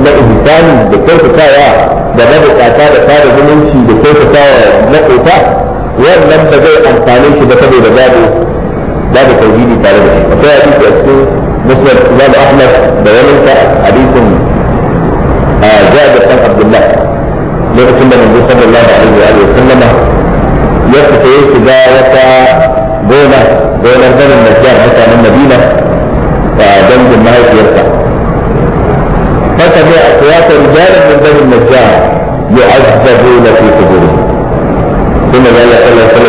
na ihsani da kyautatawa da mabukata da sada zumunci da kyautatawa na kota wannan ba zai amfani shi ba saboda babu babu tauhidi tare da shi akwai hadisi a cikin musnad imam ahmad da wani ta hadisin jabir dan abdullah lokacin da manzo sallallahu alaihi wa sallam ya fita ya shiga wata gona gonar ganin najjar mutanen madina da dangin mahaifiyarsa فسمع اصوات رجالا من بني النجار يعذبون في قبورهم sai maza ya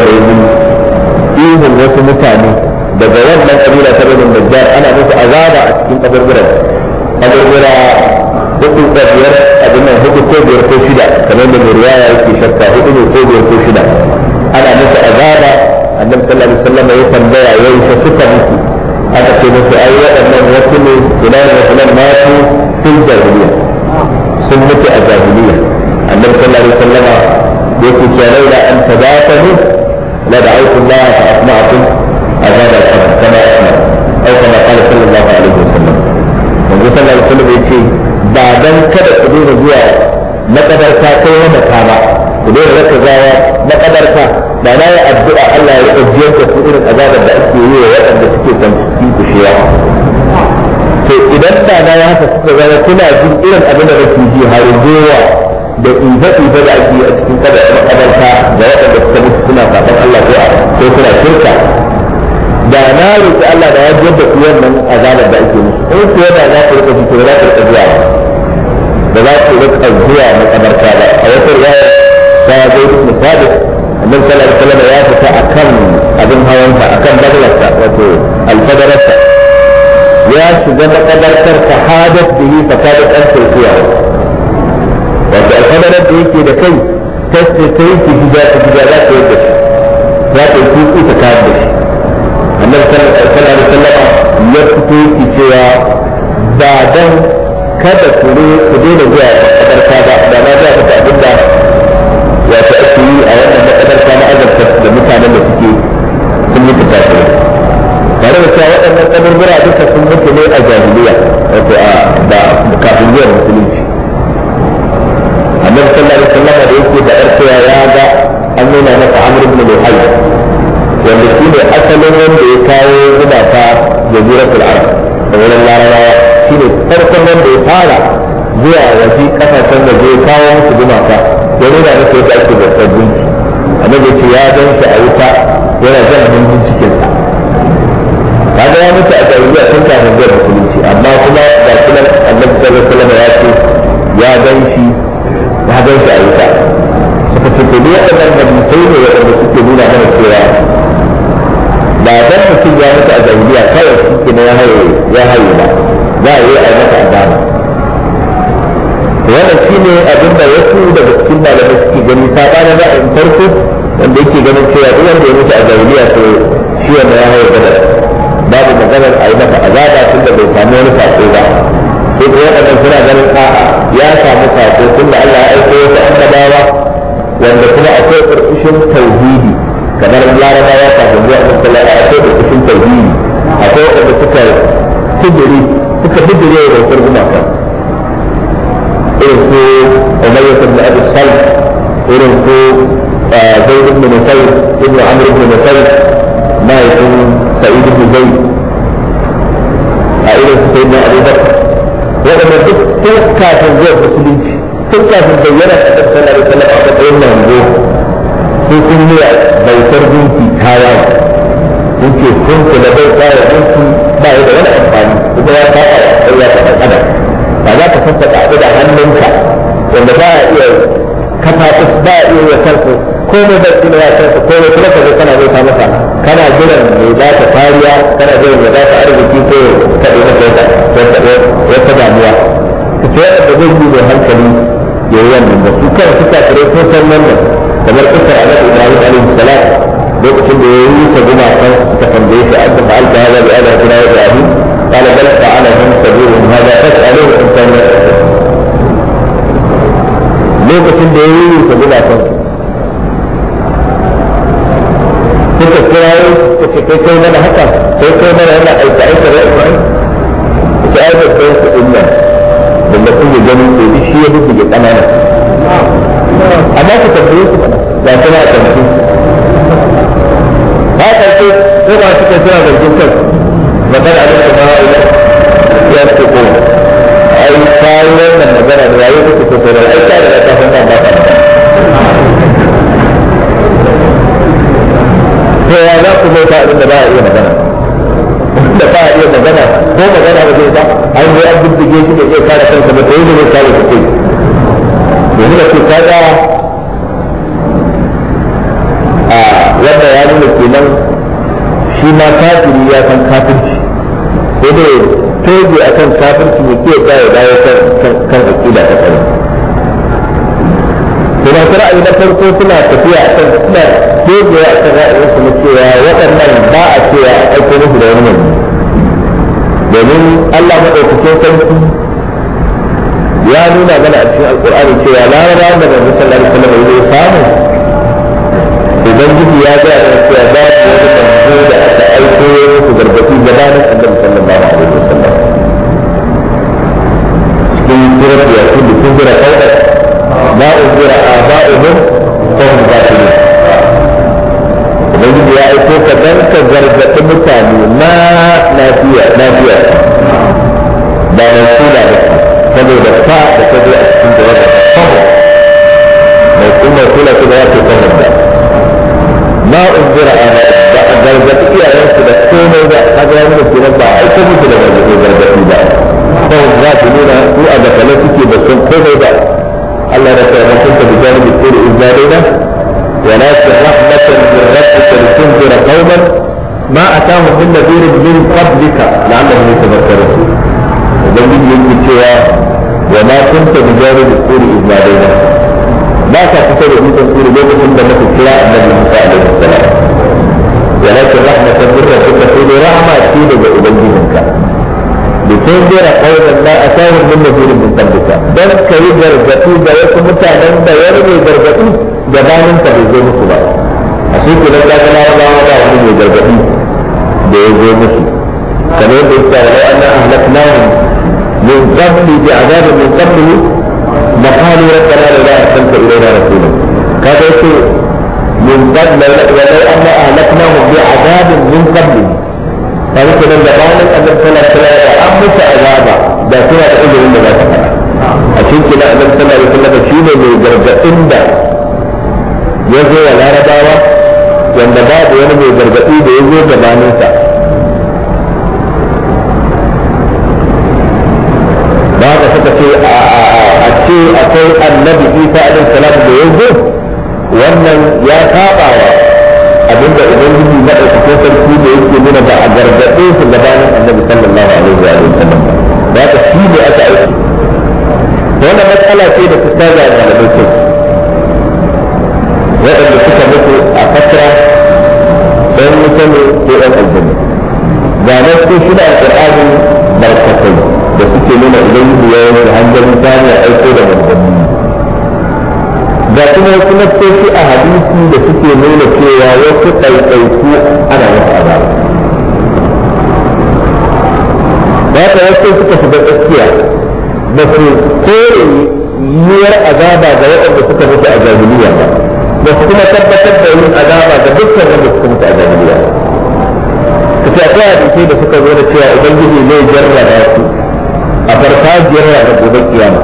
yi ihun wasu mutane daga wannan kabila ta rubin ana musu azaba a cikin kaburburan kaburbura hudu da biyar abin nan hudu ko biyar ko shida kamar da yake shakka hudu ne ko biyar ko shida ana musu azaba annabi sallallahu alaihi wasallam ya tambaya suka aka ce musu ai waɗannan wasu ne sun jahiliya sun mutu a jahiliya annabi sallallahu alaihi yake cewa laula an tadatani la da'awtu Allah fa asma'akum azab al-qabr kama asma aw kama qala sallallahu alaihi wasallam manzo sallallahu alaihi wasallam yace ba dan kada ku dinga zuwa makabarta kai wa mata ba ku dinga raka gawa makabarta da na yi addu'a Allah ya ajiyar da ku irin azabar da ake yi wa waɗanda suke kwanci ku to idan da na ya haka suka zama suna jin irin abin da kake zuwa da inzaɗi ba da ake a cikin kada a makabarta ga waɗanda suka mutu suna saɓon Allah ko a ko suna shirka da na roƙi Allah da ya jiyar da ku wannan azabar da ake musu in ku yana za ku rika ji to za ku rika zuwa ba za ku rika zuwa makabarta ba a wata riwaya ta zo misali annabi sallallahu alaihi wasallam ya fita akan abin hawansa akan bagalarsa wato alfadararsa ya shiga makabartar ta hadat bihi fakadat an sai da alfadarar da yake da kai ta ta yi ta za ta shi za ta yi ta da shi ya fito cewa ba dan kada ku ne daina zuwa ba da na ta abin da ake yi a wannan makabarta na da mutanen da suke sun yi fita tare da cewa waɗannan duka sun mutu ne a jahiliya ba kafin zuwa musulmi annabi sallallahu alaihi da yake da arfiya ya ga an nuna masa amr ibn luhay wanda shi asalin wanda ya kawo zuba ta jaziratul arab da wurin larabawa shi ne wanda ya fara zuwa waje kasashen da zai kawo musu gumaka ya nuna masa yadda ake da sabbin annabi ce ya gan shi a wuta yana jan hannun cikinsa kaga ya mutu a tarbiyya tun kafin zuwa musulunci amma kuma ga kuma ya ce ya gan shi na gan shi a yi ta suka ce to biya ɗan hadisai ne waɗanda suke nuna mana cewa ba dan mutum ya mutu a zambiya kawai suke na ya haye ba za a yi a mata azaba wannan shi ne abin da wasu daga cikin malamai suke gani sabana za a yi farko wanda yake ganin cewa duk wanda ya mutu a zambiya to shi wanda ya haye gadar babu maganar a yi mata azaba da bai sami wani sako ba duk waɗannan suna ganin a'a ya samu sako tunda Allah ya aiko wasu annabawa wanda kuma akwai ƙarƙashin tauhidi kamar larabawa kafin zuwa annabi sallallahu alaihi akwai ƙarƙashin tauhidi akwai waɗanda suka tijiri suka bijire da wasu gumaka irin su Umayyah ibn Abi Salih irin su eh, Zaid ibn Musayyib ibn Amr ibn Musayyib mahaifin Sa'id ibn Zaid a irin su Sayyidina Abu Bakr waɗanda duk tun kafin zuwa musulunci tun kafin bayyana a ƙasar da sallam a matsayin manzo sai sun yi bautar gunki kaya sun ce kun da bai kaya gunki ba ya da wani amfani kuma ya kafa a ya ta ɗanɗana ba za ka sassaka abu da hannunka wanda ba a iya kafa ba a iya ya sarko komai bai kuma ya sarko komai kuma ka zo kana zai ta masa kana jiran mai ba ta kariya kana jiran mai ba ta arziki ko ka ta ɗaya ta wata damuwa ka ce yadda zai yi mai hankali ya yi wannan ba su kan suka kare ko san wannan kamar kusa a ala ibrahim alaihi salam lokacin da ya yi ta guma kan ta tambaye shi an tafi alka hada bi ala kira ya abi kala bal kan ala hum sabirun hada fas'aluhu in kana lokacin da ya yi ta guma kan kirayo suka ce kai kai mana haka kai kai mana yana aika aika da Ibrahim ta aika kai su inda da mutum ya gani to shi ya bugu ya kanana amma ku tabbaye su ba a tabbaye ba ta ce ko ba suka jira ko suna tafiya a kan suna dogewa a kan ra'ayinsu na cewa waɗannan ba a cewa a aiko musu da wani domin Allah maɗaukakin sarki ya nuna mana a cikin alƙur'ani cewa laraba da manzo sallallahu alaihi wasallam ya samu ubangiji ya ga da cewa ba wani manzo da aka aiko musu gargaɗi gabanin annabi sallallahu alaihi wasallam cikin surat yasin da sun jira kauɗa ba a jira a ba'uhum ya aiko ka dan ka gargaɗi mutane na lafiya lafiya ba mai kula da saboda fa da ta zo a cikin da wata fahimu mai kuma kula su da wata fahimu ba ma unzira a ba a gargaɗi iyayensu da komai ba a ga wani mutum ba a aiko musu da wani gargaɗi ba kawai za su nuna su a da gasalai suke da sun komai ba Allah ya rasa ya mutunta da jami'in tsoro in zaɗe ولكن رحمة من ربك لتنذر قوما ما أتاهم من نذير من قبلك لعلهم يتذكرون وبنجي يمكن وما كنت بجانب الطول إذ نادينا ما كنت تقول لو كنت لما تتلى النبي موسى عليه السلام ولكن رحمة من ربك تقول رحمة أكيد وأبينك لتنذر قوما ما أتاهم من نذير من قبلك بس كيف يرزقون بيكم متعلم بيرمي درجتي gabanin ka bai zo musu ba a shi ke nan kaga larabawa da wani mai gargaɗi da ya zo musu kamar yadda yake wa ana ahlaknahum min qabli bi azabin min qabli ma qalu rabbana la ilaha illa anta ilaina rasulun kaga yake min qabli la ilaha illa kuma wasu nassoshi a hadisi da suke nuna cewa wasu ɗaiɗaiku ana yin azaba da haka wasu suka shiga tsakiya ba su kore yiwuwar azaba ga waɗanda suka mutu a jahiliya ba ba su kuma tabbatar da yin azaba ga dukkan wanda suka mutu a jahiliya ba kace akwai hadisai da suka zo da cewa ubangiji zai jarraba su a farfajiyar ranar gobe kiyama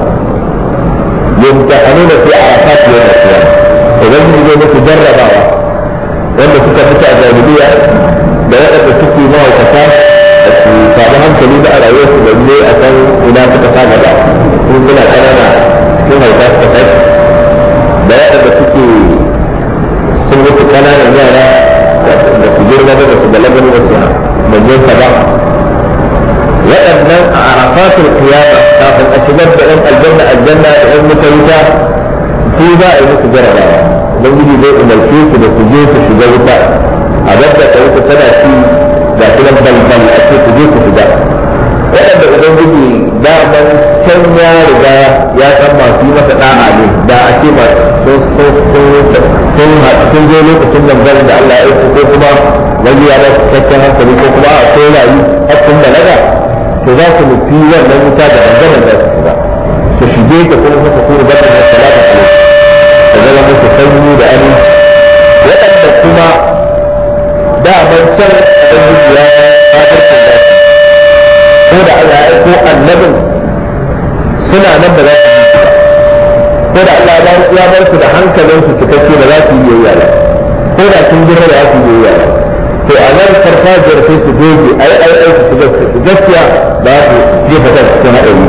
yamtahanuna amina arafat yawm al-qiyamah idan mun zo musu jarrabawa wanda suka fita a jahiliya da waɗanda suke mahaukata su samu hankali da a rayuwarsu da ne a san ina suka sa gaba sun suna ƙanana cikin hauka suka tashi da waɗanda suke sun mutu ƙananan yara da su girma da su balaga da su manyan ba waɗannan a afatul qiyama kafin a shigar da yan aljanna ajanna da yan mutauta su za a yi musu jarabawa ubangiji zai umarce su da su su shiga wuta a babba ta wuta tana ci ga su nan balbal a ce su je su shiga waɗanda ubangiji daman can ya riga ya san masu yi masa da'a ne da a ce ba sun zo lokacin gangan da Allah ko kuma wani ya hankali ko kuma a korayi har balaga to za su nufi wannan wuta da bangaren za su shiga su shige ta kuma su kuru ba ta da salata ne ta zama musu sanyi da ani waɗanda kuma da man can ubangiji ya fatarta da su ko da Allah ya ko annabin suna nan da za su yi ko da Allah ya bar su da hankalinsu cikakke da za su yi yayya ko da sun girma da za su yi yayya to a nan farfajiyar sai su doge ai ai ai su gaskiya ba su jefa su cikin ɗari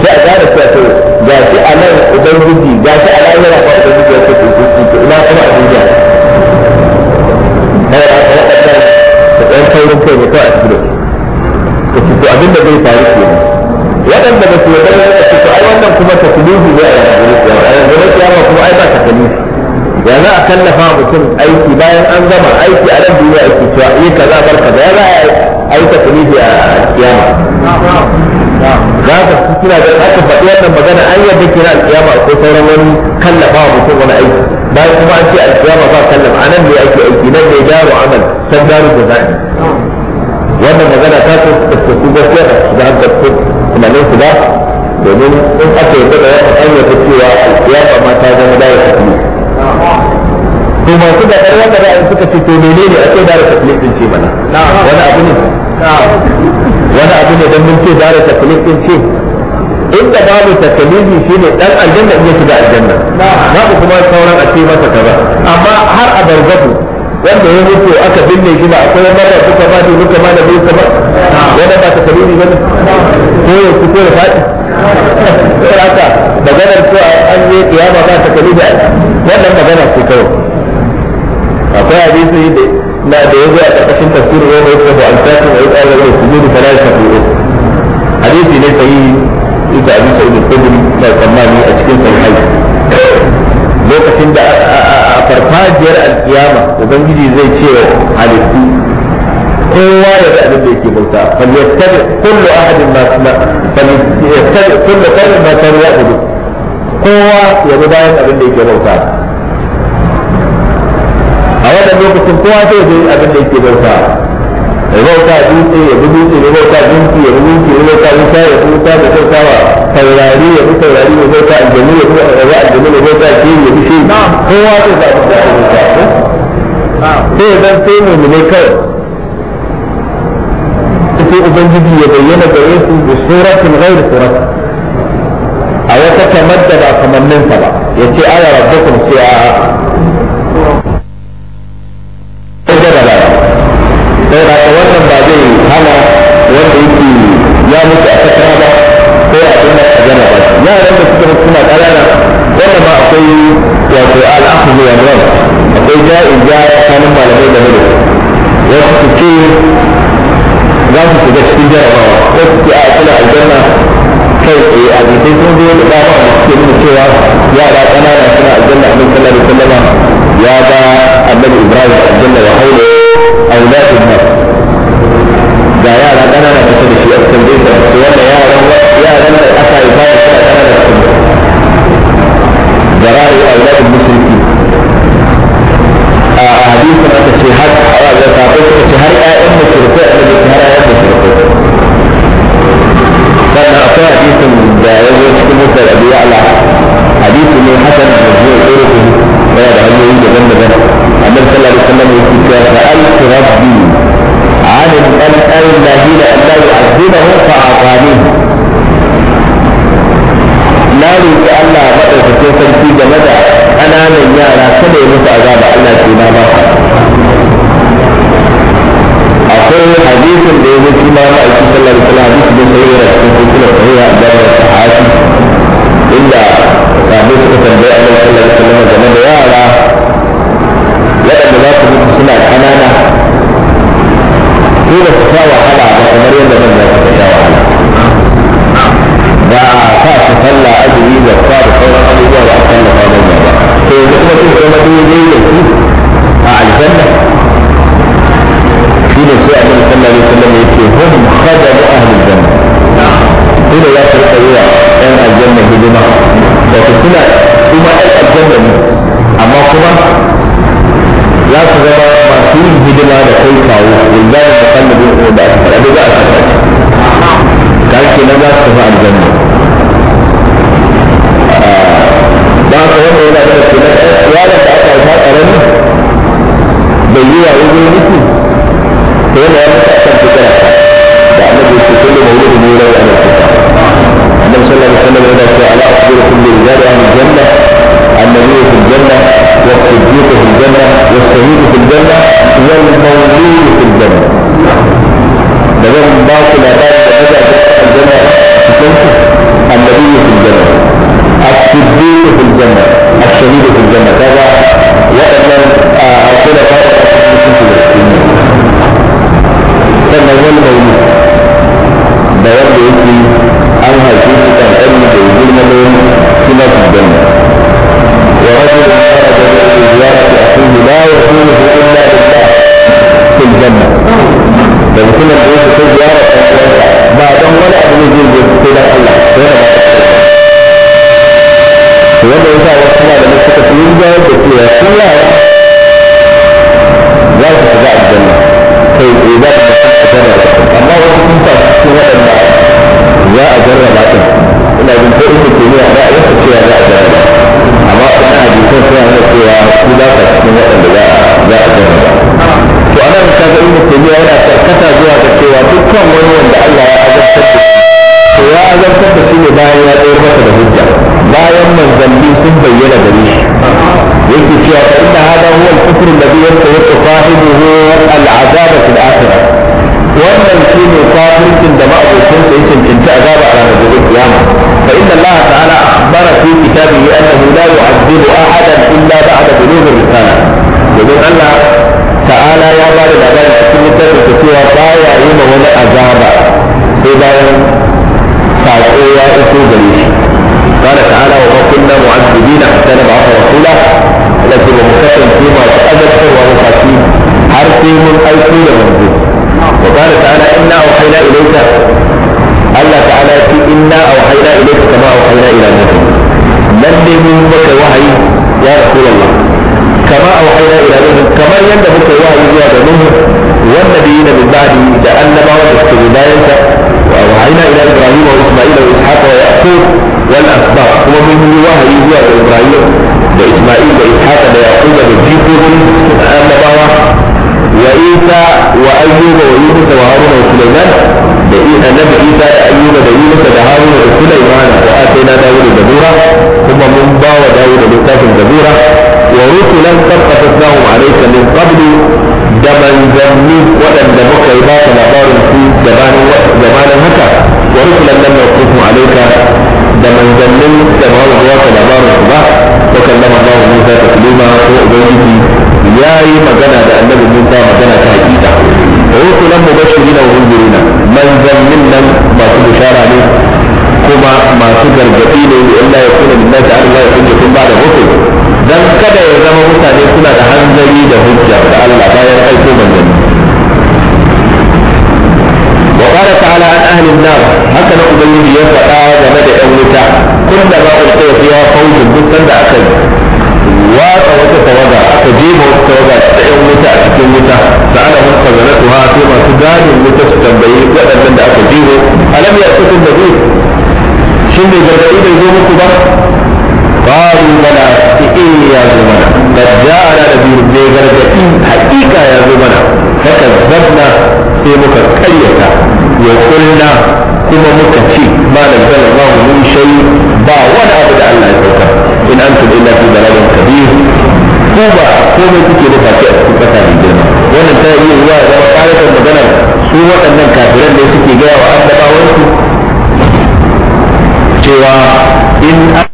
ba sai a gane su to ga shi a nan ubangiji ga shi a lahira ba ubangiji ya ce to ina kuma a duniya kai a kai a kan da ɗan saurin kai ne kawai a cikin ka ci to abin da zai faru ke nan waɗanda ba su yarda da suka ce to ai wannan kuma tasbihi ne a yanzu ne kiyama kuma ai ba ta kalli ya za a kallafa mutum aiki bayan an gama aiki a nan duniya aiki cewa yi eh, kaza bar kaza ya za a aika tunibi a kiyama za ka suna da aka faɗi wannan magana an yadda kira alkiyama ko sauran wani kallafa mutum wani aiki bayan kuma an ce alkiyama kallafa a nan ne ake aiki nan ne daru amal san da wannan magana ta ce da su gaskiya da su da tunanin su ba domin in aka da wannan an yadda cewa alkiyama zama daru da to su da ƙarya da ra'ayi suka ce to menene a ce dara taklif din ce mana wani abu ne wani abu ne don mun ce dara taklif din ce inda babu shi shine dan aljanna in ya shiga aljanna babu kuma sauran a ce masa kaza amma har a barzatu wanda ya mutu aka binne shi ba akwai wanda ba suka ba da muka ma da bai ka ba wanda ba ta kalimi ba ko ya ko ya fadi ko haka maganar ko an yi kiyama ba ta kalili wannan magana ce kawai akwai hadisi da na da ya zo a ƙarƙashin tafsirin wani yake da alƙafi mai tsara da su gudu fara shi ko hadisi ne sai ita abin sai da kudin na tsammani a cikin sahih lokacin da a farfajiyar alkiyama ubangiji zai ce wa halittu kowa ya ga abin da yake bauta falyattabi kullu ahadin ma falyattabi kullu fardin ma kan ya'budu kowa ya ga bayan abin da yake bauta wannan lokacin kowa sai zai abin da yake bauta ya bauta dutse ya bi dutse ya bauta jinki ya bi jinki ya bauta wuta ya wuta da bautawa taurari ya bi taurari ya bauta aljanu ya bi aljanu ya bauta shi ya bi shi kowa sai zai abin da yake bauta sai zan sai mu ne kawai sai ubangiji ya bayyana gare su da suratin ghairu surat a wata kamar da ba kamannin ba ya ce ana rabbukum sai a سليمان دقيق النبي عيسى أيوب دليل دهارون وسليمان وآتينا داود زبورا ثم من باوى داود لكتاب زبورا ورسلا قد قصصناهم عليك من قبل da manzanni waɗanda muka yi ba ka labarin su gabanin haka wa rukulan lam yaqutu alayka da manzannin da ba mu ba ka labarin su ba wa kallama Allah Musa taklima ko ubangiji yayi magana da annabi Musa magana ta hakika rukulan mubashirin wa manzan nan masu bishara ne kuma masu gargaɗi ne da Allah ya kuna lillahi ta Allah ya kunje kun ba da hukun dan kada ya zama mutane suna da hanzari da hujja da Allah bayan aiko manzanni wa qala ta'ala an ahli an-nar haka nan ubangiji ya faɗa game da ɗan wuta kullama ulqiya fiha fawjun duk sanda aka watsa wata tawaga aka jefa wata tawaga ta yan wuta a cikin wuta sa'ala hun kazanatuha sai masu gadin wuta waɗannan da aka jiho alam ya fi kun da zai shi ne gargaɗi bai zo muku ba ƙaru mana iya ya zo mana da ja'ala da biyu mai gargaɗi haƙiƙa ya zo mana haka zabna sai muka ƙaryata ya kulla kuma muka ci ma da zama ba mu shai ba wani abu da Allah ya sauka in antum illa fi dalalin kabiru ko ba komai kuke da ba baki a cikin ƙasa mai girma wannan ta yi zuwa ya zama su waɗannan kafiran da suke gaya wa annabawansu cewa in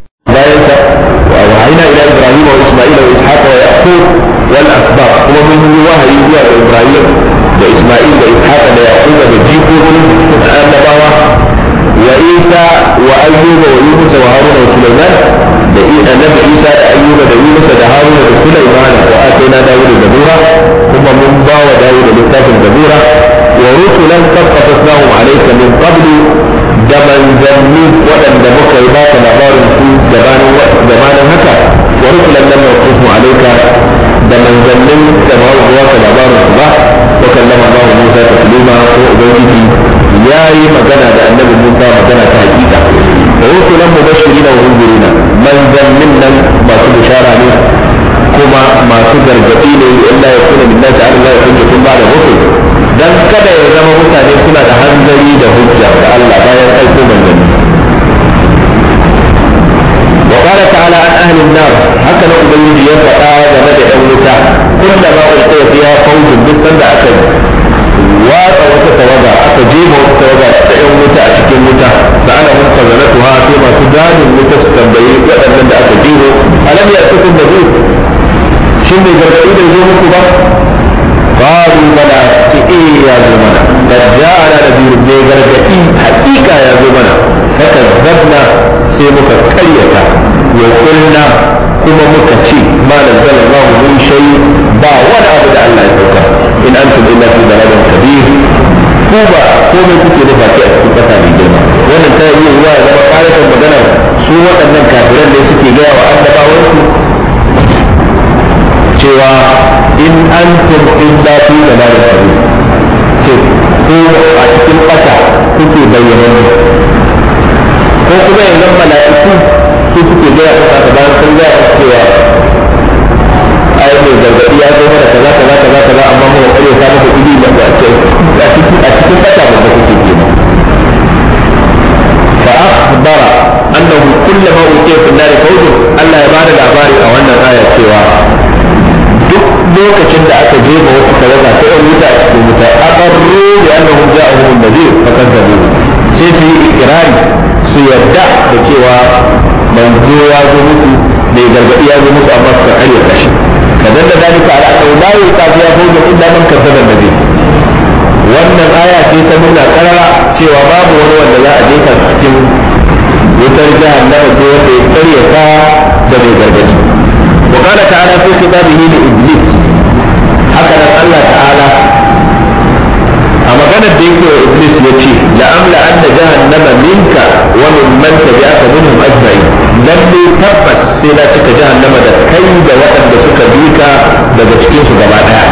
ما سجر جديني إلا يكون بالناس على الله يحجة بعد الرسل dan kada ya zama mutane suna da hanzari da hujja da Allah bayan aiko manzanni wa qala ta'ala an ahli an-nar haka nan ubangiji ya faɗa game da ɗan wuta kullama ulqiya fiha fawjun duk sanda aka watsa wata tawaga aka jefa wata tawaga ta yan wuta a cikin wuta sa'ala hum khazanatuha sai masu gadin wuta su tambayi waɗannan da aka jefa alam ya'tukum nadir shin bai gargaɗi da zo muku ba qalu bala ce eh ya zo mana da ja'ala nabiyyu bai gargaɗi haƙiƙa ya zo mana haka zabna sai muka karyata ya kurna kuma muka ce ma da zalallahu mun shayi ba wani abu da Allah ya sauka in antum illa fi dalalin kabir ko ba komai kuke da baki a cikin kasa mai girma wannan ta yi ruwa ya zama ƙarfin maganar su waɗannan kafiran da suke gaya wa annabawansu cewa in an tumfin dafi da lalata ce ko a cikin ƙasa kuke bayyana ne ko kuma yanzu mala'iku su suke gaya ƙasa ta bayan sun gaya cewa ai mai gargaɗi ya zo mana kaza kaza kaza kaza amma mu ƙarya ta muku ili da a cikin a cikin ƙasa da kuke kenan fa akhbara annahu kullama utiya fi an-nar fawzun Allah ya bada labari a wannan aya cewa lokacin da aka jefa wasu kalaba ta yan wuta a cikin wuta a bi annahum zai an da fakazzabu sai su yi ikirari su yarda da cewa zo ya zo musu mai gargadi ya zo musu amma suka karya kashi kadan da ka ala annahu la yuqadu ya fawza illa man kazzaba da nadhir wannan aya ce ta nuna karara cewa babu wani wanda za a jefa cikin wutar jahannama sai wanda ya karya ta da mai gargadi وقال تعالى في كتابه لابليس maganar Allah ta'ala a maganar da yake wa iblis ya ce la'amla an da jahannama minka wa min man tabi'aka minhum ajma'in lalle tabbas sai na cika jahannama da kai da waɗanda suka bi ka daga cikin su gaba daya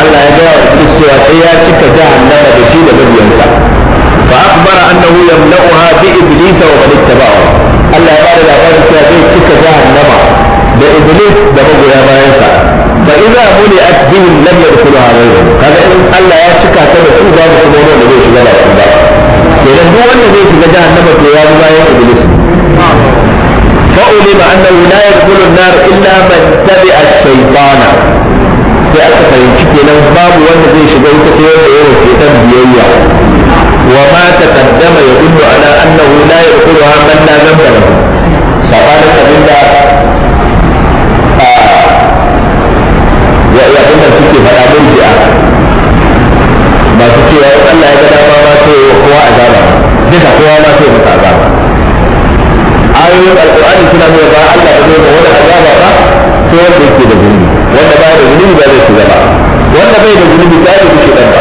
Allah ya ga wa iblis cewa sai ya cika jahannama da shi da mabiyansa fa akhbara annahu yamla'uha bi iblis wa man ittaba'ahu Allah ya bada labarin cewa zai cika jahannama da iblis da magoya bayan إذا ملئت بهم لم يدخلها غيرهم هذا إن الله يا شكا كذا في بعض الأمور اللي بيش لا يشكا إذا هو الذي في جهنم في يا ما يقبل فأولم أنه لا يدخل النار إلا من تبع الشيطان sai aka fahimci kenan babu wanda zai shiga wuta sai wanda ya wa shaitan biyayya wa ma taqaddama yadullu ala annahu la yadkhuluha man la dhanba lahu sabanin abinda shakka kowa ma sai masa azaba ayoyin alkur'ani suna nuna ba Allah ba zai ma wani azaba ba sai wanda yake da zunubi wanda ba da zunubi ba zai shiga ba wanda bai da zunubi ba zai shiga ba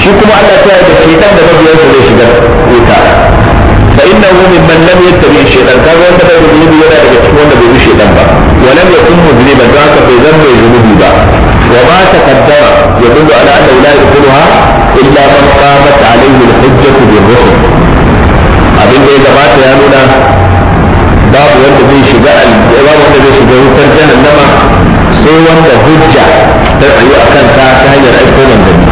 shi kuma Allah ta yi da shaitan da mabiyansa zai shiga wuta فإنه ممن لم يتبع الشيطان كان وانت بين الذنوب ولا يكون وانت بين الشيطان بقى ولم يكن مذنبا ذاك في ذنب الذنوب بقى وما تقدم يدل على أنه لا يدخلها إلا من قامت عليه الحجة بالرسل abin da ya gabata ya nuna babu wanda zai shiga babu wanda zai shiga wutar jahannama sai wanda hujja ta tsayu a kanta ta hanyar aiko manzanni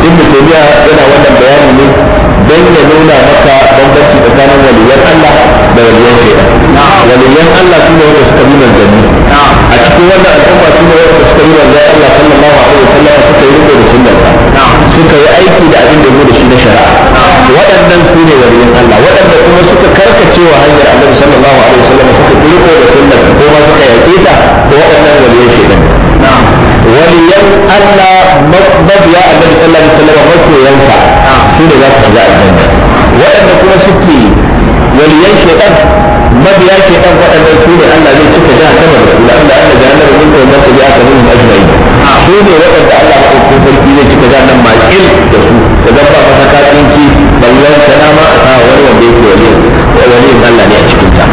ibn taymiya yana wannan bayani ne don ya nuna maka bambanci tsakanin waliyan Allah da waliyan shaitan waliyan Allah su ne wanda suka bi manzanni a cikin wannan al'umma su ne wanda suka bi manzanni Allah sallallahu alaihi wasallam suka yi riko da sunnarsa suka yi aiki da abin da ya zo da shi na shari'a waɗannan su ne waliyan Allah waɗanda kuma suka karkace wa hanyar annabi sallallahu alaihi wasallam suka kirko da sunnar ko ma suka yaƙe ta da waɗannan waliyan shedan waliyan Allah mabiya annabi sallallahu alaihi wasallam masoyansa su ne za su shiga aljanna waɗanda kuma suke waliyan shedan mabiya shedan waɗannan su ne Allah zai cika jahannama da su la'alla anna jahannama min tawbat bi akabin ajma'in su ne waɗanda Allah maɗaukakin sarki zai cika jahannama ma'il da su da zan ba masa katsinci ballan ta dama a sa wani wanda yake wani wani balla ne a cikin ta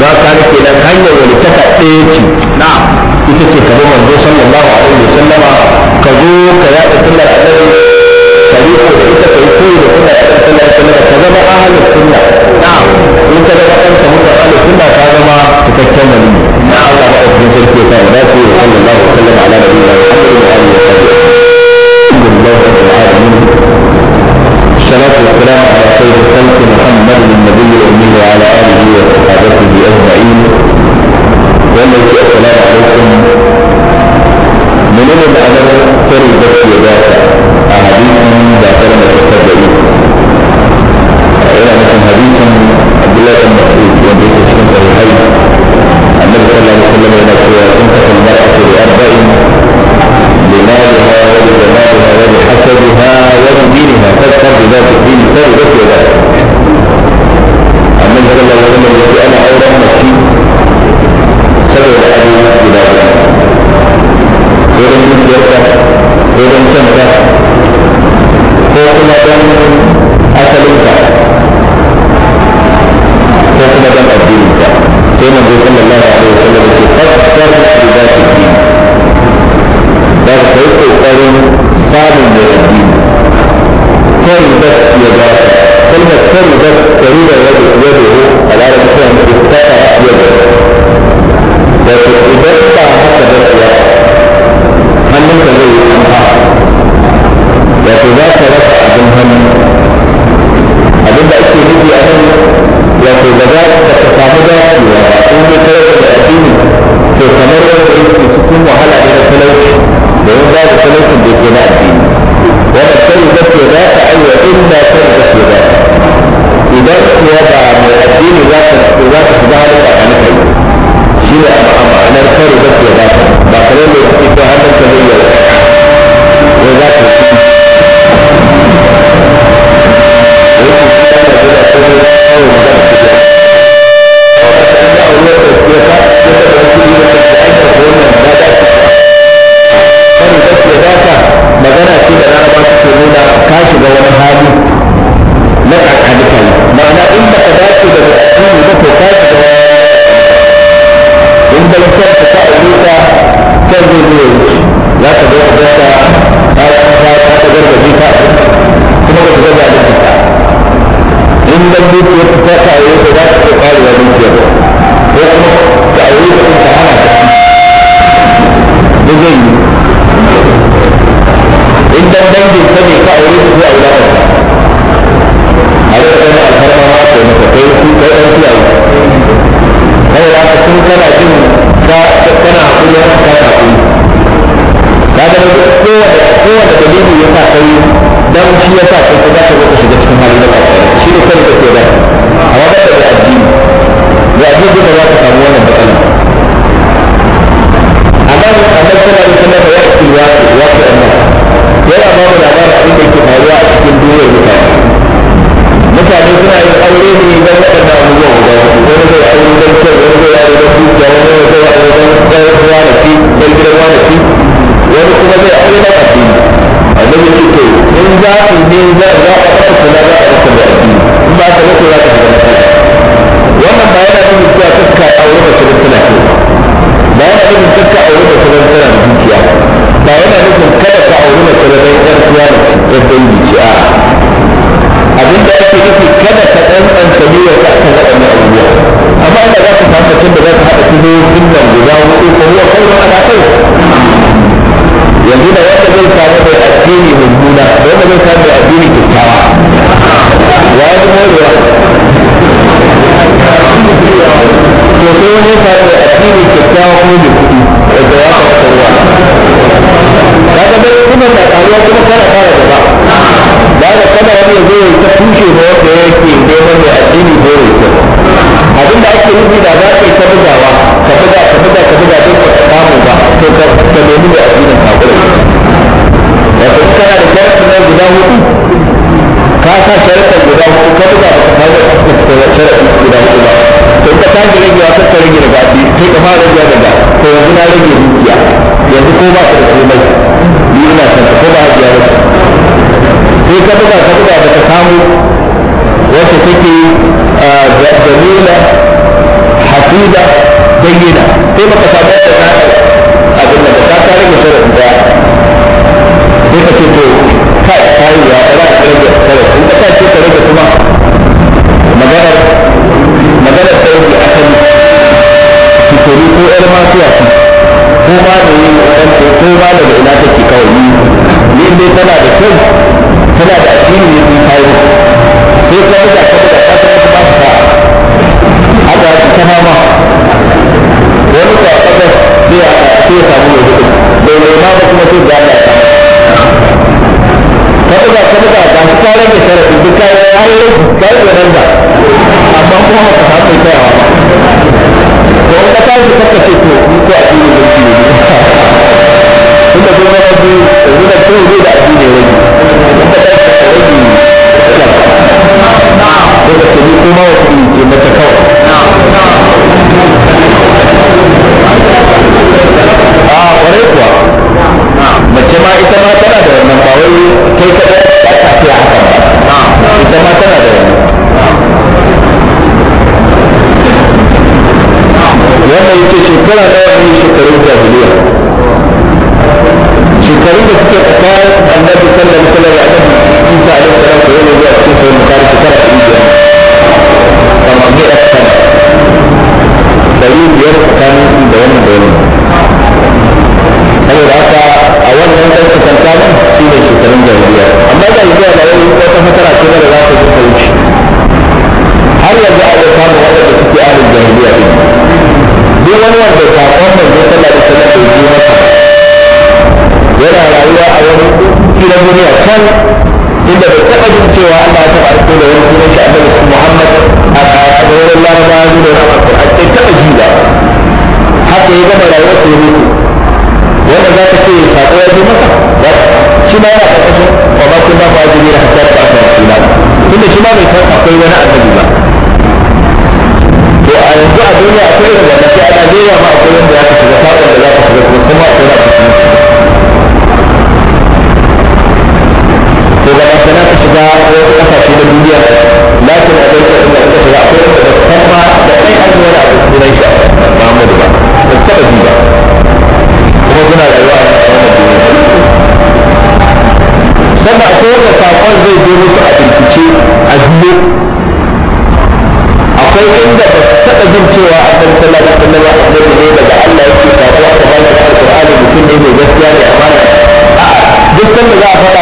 za ka rike da hanyar wani ta ka ɗaya na ita ce kamar manzo sallallahu alaihi sallama ka zo ka yaɗa a annabi ka yi ko ita ka yi koyi da sunnar annabi sallallahu alaihi wasallama ka zama ahalin sunna na in ka zama ɗan ka mutu ahlus sunna ka zama cikakken wani na Allah ba a cikin sarki ya sa sai baka samu yadda za abin da ba ta kare da shirin da sai ka ce to kai kai ya ba za ka rage kare in ka ce ka rage kuma maganar maganar ta yake asali cikori ko yar masuwa ce ko ma da yi ɗanto ko ma da ina take kawai ni dai tana da kyau tana da addini ne in kayo sai ka rage ce ba ta ta buga ta buga ba su kare da sharafi duk kayan har yi kayan tsoron da amma kuma ba ta samu tsayawa ba to ka tashi kaka ce to ni ko a cikin yanki ne tunda ko na rabu yanzu da ko ne da addini ne ka tashi ka rabu da ka ce ni kuma wasu ce mace kawai la we went sallama annabi ne daga Allah yake kafin aka ba shi alqur'ani mutum ne mai gaskiya mai amana duk sanda za a faɗa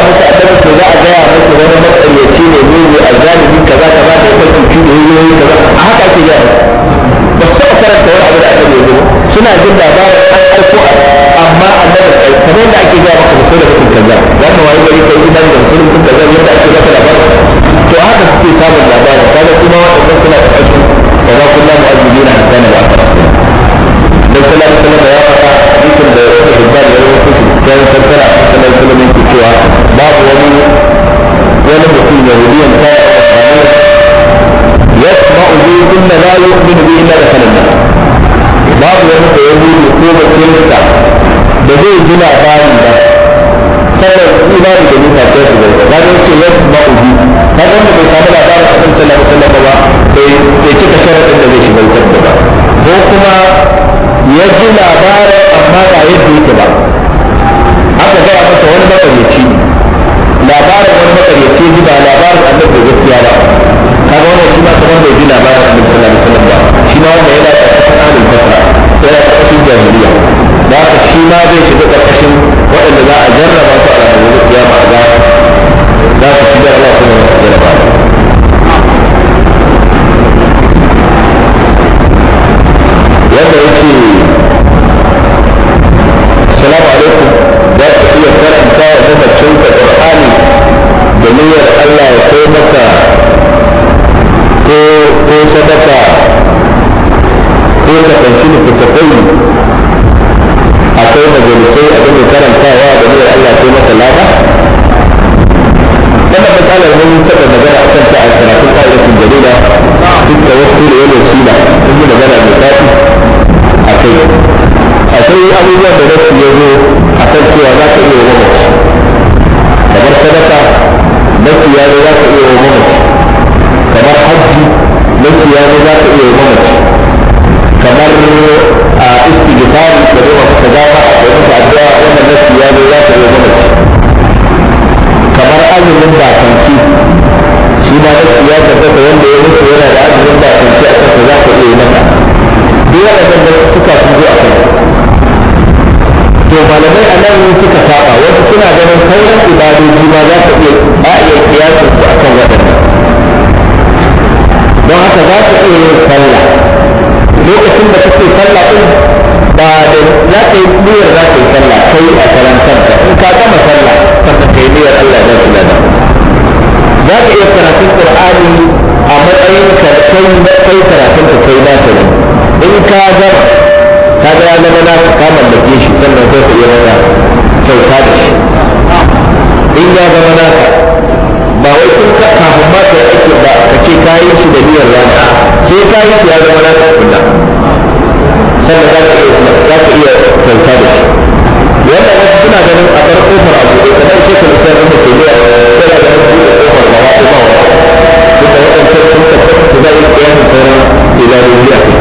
waɗannan suka sun zo a kai to malamai a nan suka saba wasu suna ganin sauran ibadoji ma za ka iya a iya kiyasin su akan waɗannan don haka za ka iya yin sallah lokacin da kake sallah ɗin ba da za ka yi niyyar za ka yi sallah kai a karan kanka in ka gama sallah sannan ka yi niyyar Allah za su lada za ka iya karatun Qur'ani a matsayin ka kai karatun ka kai na in ka gama ka ga ya zama na ka mallake shi sannan sai ka yi masa kyauta da shi in ya zama na ka ba wai kun ka kafin ma ka aiki ba ka ce ka yi shi da niyyar rana sai ka yi shi ya zama na ka kunna sannan za ka iya kyauta da shi yadda wasu suna ganin a bar kofar abu da kamar shi ka lissar da ke biya kada da wasu da kofar ba wa kuma wa duka waɗancan sun tabbata su zai iya sauran idanun biya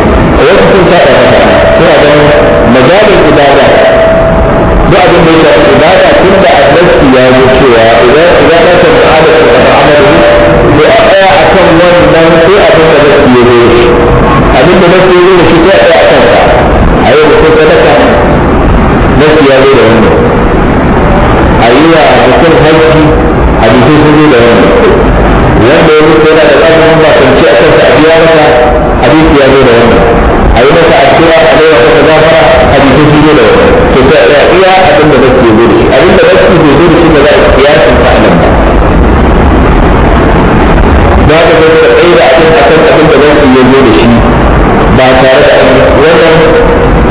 siapa dia ada ibadat dia ada ibadat tidak ada sia sia dia ada ada ada ada dia ada akan buat ada ada dia ada dia ada dia ada dia ada dia ada dia ada dia ada dia ada dia ada dia ada ada dia ada dia ada dia ada dia أي متى أشياء عليه وتتجاهل قد تجد له تتأتيها أبدا بس يقول أبدا بس يقول شيء لا اختيار فعلا ذلك بالتقييد أبدا أبدا أبدا بس يقول شيء بعد ذلك وزن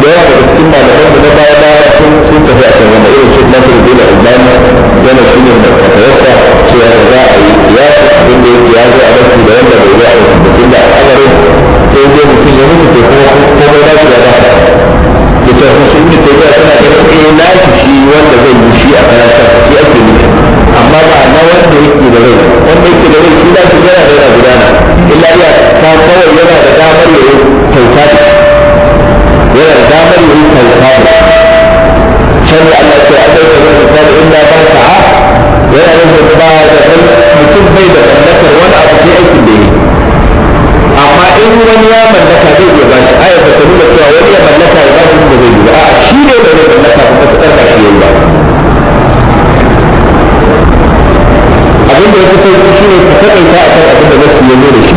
yawa daga cikin malaman da na baya baya sun sun tafi a kan wanda irin shi na turu da albani yana shi ne da fatayarsa cewa za a yi kiyasi abin da ya zo a rasu da wanda bai zo a rasu da al'amarin mutum ya mutu to kuma komai ba shi ya ba ta da ta kuma sun mutu ya tana da eh na shi shi wanda zai yi shi a kayan sa shi ake nufi amma ba na wanda yake da rai wanda yake da rai shi ba shi yana da yana gudana illa ya ta kawai yana da damar ya yi kyauta yana da damar ya yi kyauta can da Allah ce an ɗauka zai kyauta da inda ba sa'a yana da ba da mutum bai da mallakar wani abu sai aikin in wani ya mallaka zai iya bashi ayar ba ta nuna cewa wani ya mallaka ya bashi da zai yi ba a shi ne da zai mallaka ba ta karka shi ba abin da ya fi sauki shi ne ka taƙaita a kan abin da nasu ya zo da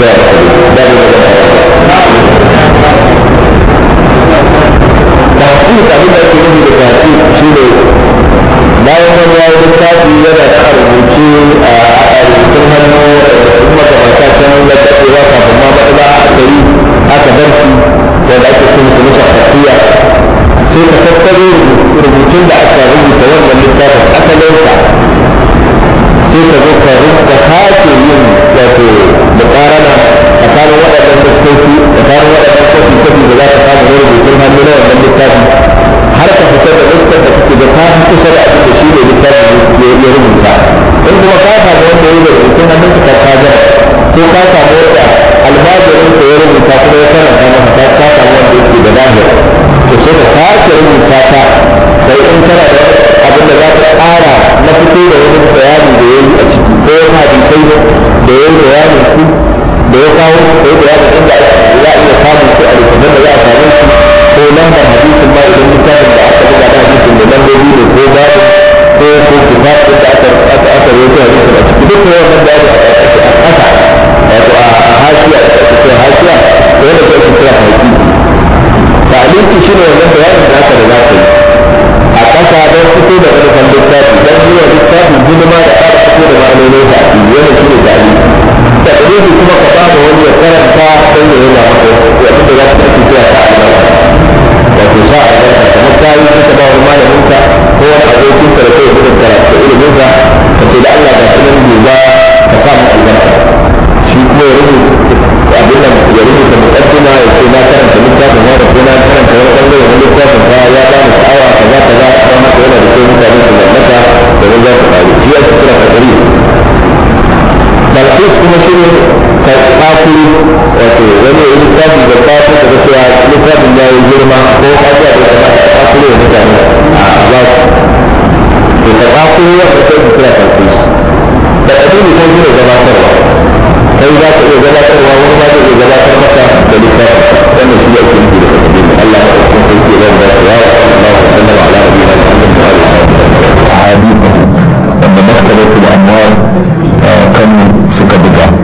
da shi da abin da ke nufi da kafin shi ne bayan wani ya yi littafi yana